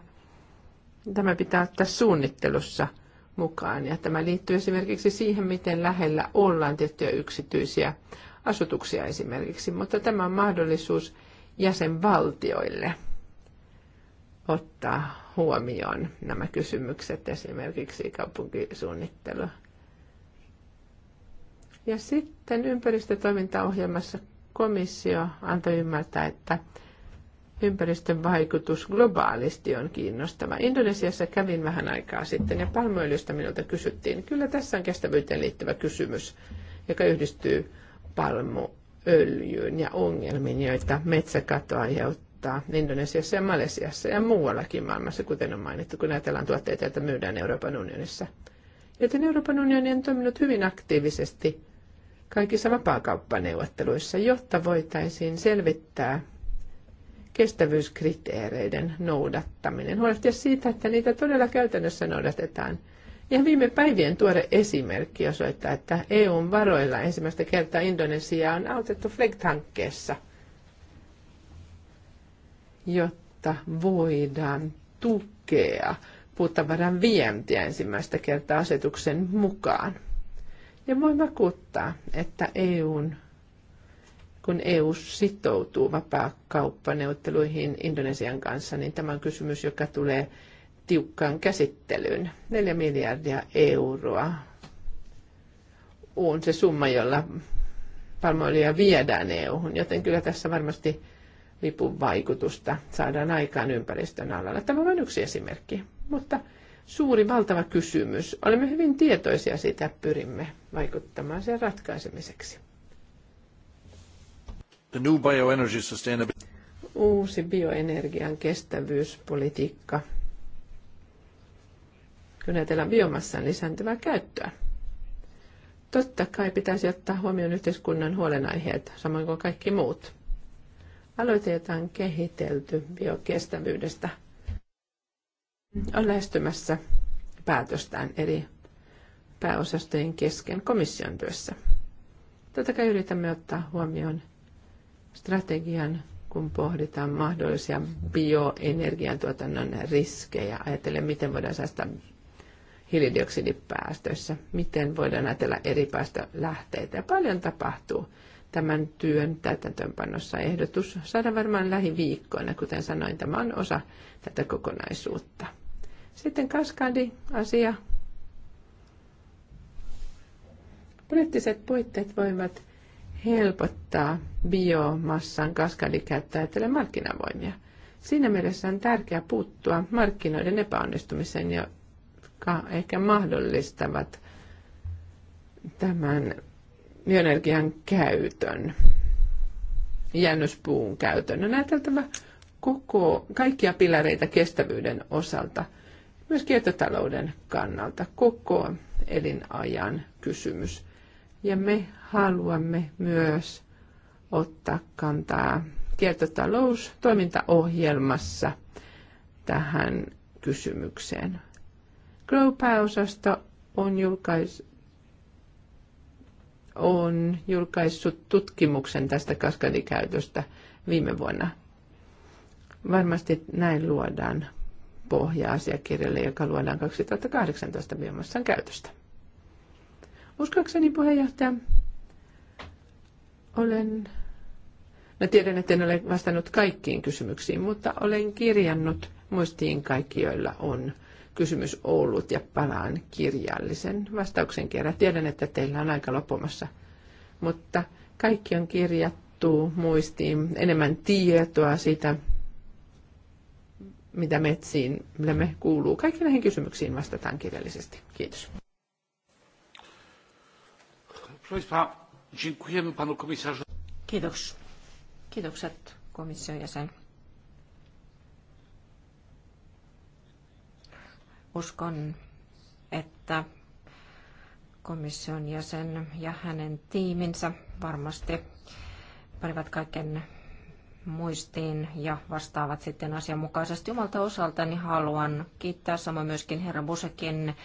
tämä pitää ottaa suunnittelussa mukaan. Ja tämä liittyy esimerkiksi siihen, miten lähellä ollaan tiettyjä yksityisiä asutuksia esimerkiksi. Mutta tämä on mahdollisuus jäsenvaltioille ottaa huomioon nämä kysymykset, esimerkiksi kaupunkisuunnittelu ja sitten ympäristötoimintaohjelmassa komissio antoi ymmärtää, että ympäristön vaikutus globaalisti on kiinnostava. Indonesiassa kävin vähän aikaa sitten ja palmuöljystä minulta kysyttiin. Kyllä tässä on kestävyyteen liittyvä kysymys, joka yhdistyy palmuöljyyn ja ongelmiin, joita metsäkato aiheuttaa Indonesiassa ja Malesiassa ja muuallakin maailmassa, kuten on mainittu, kun ajatellaan tuotteita, joita myydään Euroopan unionissa. Joten Euroopan unioni on toiminut hyvin aktiivisesti kaikissa vapaakauppaneuvotteluissa, jotta voitaisiin selvittää kestävyyskriteereiden noudattaminen, huolehtia siitä, että niitä todella käytännössä noudatetaan. Ja viime päivien tuore esimerkki osoittaa, että EUn varoilla ensimmäistä kertaa Indonesia on autettu FLEGT-hankkeessa, jotta voidaan tukea puutavaran vientiä ensimmäistä kertaa asetuksen mukaan. Ja voin vakuuttaa, että EUn, kun EU sitoutuu vapaakauppaneuvotteluihin Indonesian kanssa, niin tämä on kysymys, joka tulee tiukkaan käsittelyyn. 4 miljardia euroa on se summa, jolla palmoilija viedään EU:hun, joten kyllä tässä varmasti lipun vaikutusta saadaan aikaan ympäristön alalla. Tämä on vain yksi esimerkki, mutta suuri, valtava kysymys. Olemme hyvin tietoisia siitä, että pyrimme vaikuttamaan sen ratkaisemiseksi. The new bioenergy sustainability. Uusi bioenergian kestävyyspolitiikka. Kun ajatellaan biomassan lisääntyvää käyttöä. Totta kai pitäisi ottaa huomioon yhteiskunnan huolenaiheet, samoin kuin kaikki muut. Aloitetaan kehitelty biokestävyydestä – on lähestymässä päätöstään eri pääosastojen kesken komission työssä. Totta kai yritämme ottaa huomioon strategian, kun pohditaan mahdollisia bioenergiantuotannon riskejä, ajatellen miten voidaan säästää hiilidioksidipäästöissä, miten voidaan ajatella eri päästölähteitä. Ja paljon tapahtuu tämän työn täytäntöönpannossa. Ehdotus saadaan varmaan lähiviikkoina, kuten sanoin, tämä on osa tätä kokonaisuutta. Sitten kaskadi-asia. Poliittiset puitteet voivat helpottaa biomassan kaskadikäyttäjätelle markkinavoimia. Siinä mielessä on tärkeää puuttua markkinoiden epäonnistumiseen, jotka ehkä mahdollistavat tämän bioenergian käytön, jännyspuun käytön. On ajateltava koko, kaikkia pilareita kestävyyden osalta – myös kiertotalouden kannalta koko elinajan kysymys. Ja me haluamme myös ottaa kantaa kiertotalous toimintaohjelmassa tähän kysymykseen. grow osasto on, julkais, on julkaissut tutkimuksen tästä kaskadikäytöstä viime vuonna. Varmasti näin luodaan pohja asiakirjalle, joka luodaan 2018 biomassan käytöstä. Uskoakseni puheenjohtaja, olen, no tiedän, että en ole vastannut kaikkiin kysymyksiin, mutta olen kirjannut muistiin kaikki, joilla on kysymys ollut ja palaan kirjallisen vastauksen kerran. Tiedän, että teillä on aika lopumassa, mutta kaikki on kirjattu muistiin enemmän tietoa siitä, mitä metsiin me kuuluu. Kaikki näihin kysymyksiin vastataan kirjallisesti. Kiitos. Kiitos. Kiitokset komission jäsen. Uskon, että komission jäsen ja hänen tiiminsä varmasti panivat kaiken muistiin ja vastaavat sitten asianmukaisesti omalta osaltani. Haluan kiittää sama myöskin herra Busekin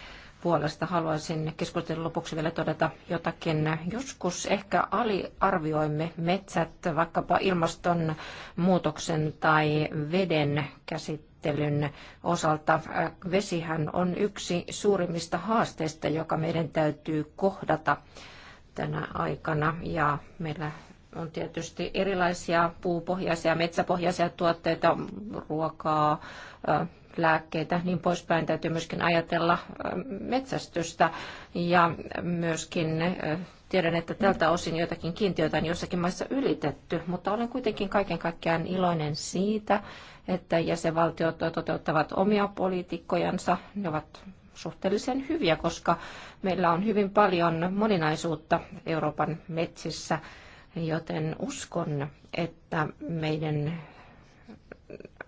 puolesta. Haluaisin keskustelun lopuksi vielä todeta jotakin. Joskus ehkä aliarvioimme metsät vaikkapa ilmastonmuutoksen tai veden käsittelyyn osalta. Vesihän on yksi suurimmista haasteista, joka meidän täytyy kohdata tänä aikana ja meillä on tietysti erilaisia puupohjaisia, metsäpohjaisia tuotteita, ruokaa, lääkkeitä, niin poispäin. Täytyy myöskin ajatella metsästystä ja myöskin tiedän, että tältä osin joitakin kiintiöitä on jossakin maissa ylitetty, mutta olen kuitenkin kaiken kaikkiaan iloinen siitä, että jäsenvaltiot toteuttavat omia poliitikkojansa. Ne ovat suhteellisen hyviä, koska meillä on hyvin paljon moninaisuutta Euroopan metsissä Joten uskon, että meidän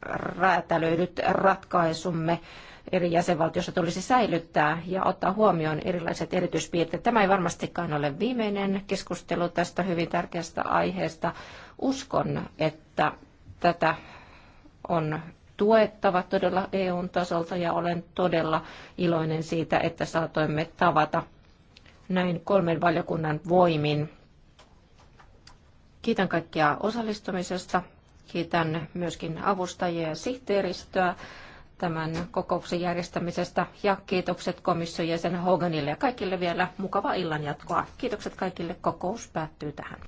räätälöidyt ratkaisumme eri jäsenvaltioissa tulisi säilyttää ja ottaa huomioon erilaiset erityispiirteet. Tämä ei varmastikaan ole viimeinen keskustelu tästä hyvin tärkeästä aiheesta. Uskon, että tätä on tuettava todella EUn tasolta ja olen todella iloinen siitä, että saatoimme tavata näin kolmen valiokunnan voimin Kiitän kaikkia osallistumisesta. Kiitän myöskin avustajia ja sihteeristöä tämän kokouksen järjestämisestä ja kiitokset komission jäsen Hoganille ja kaikille vielä mukavaa illanjatkoa. Kiitokset kaikille. Kokous päättyy tähän.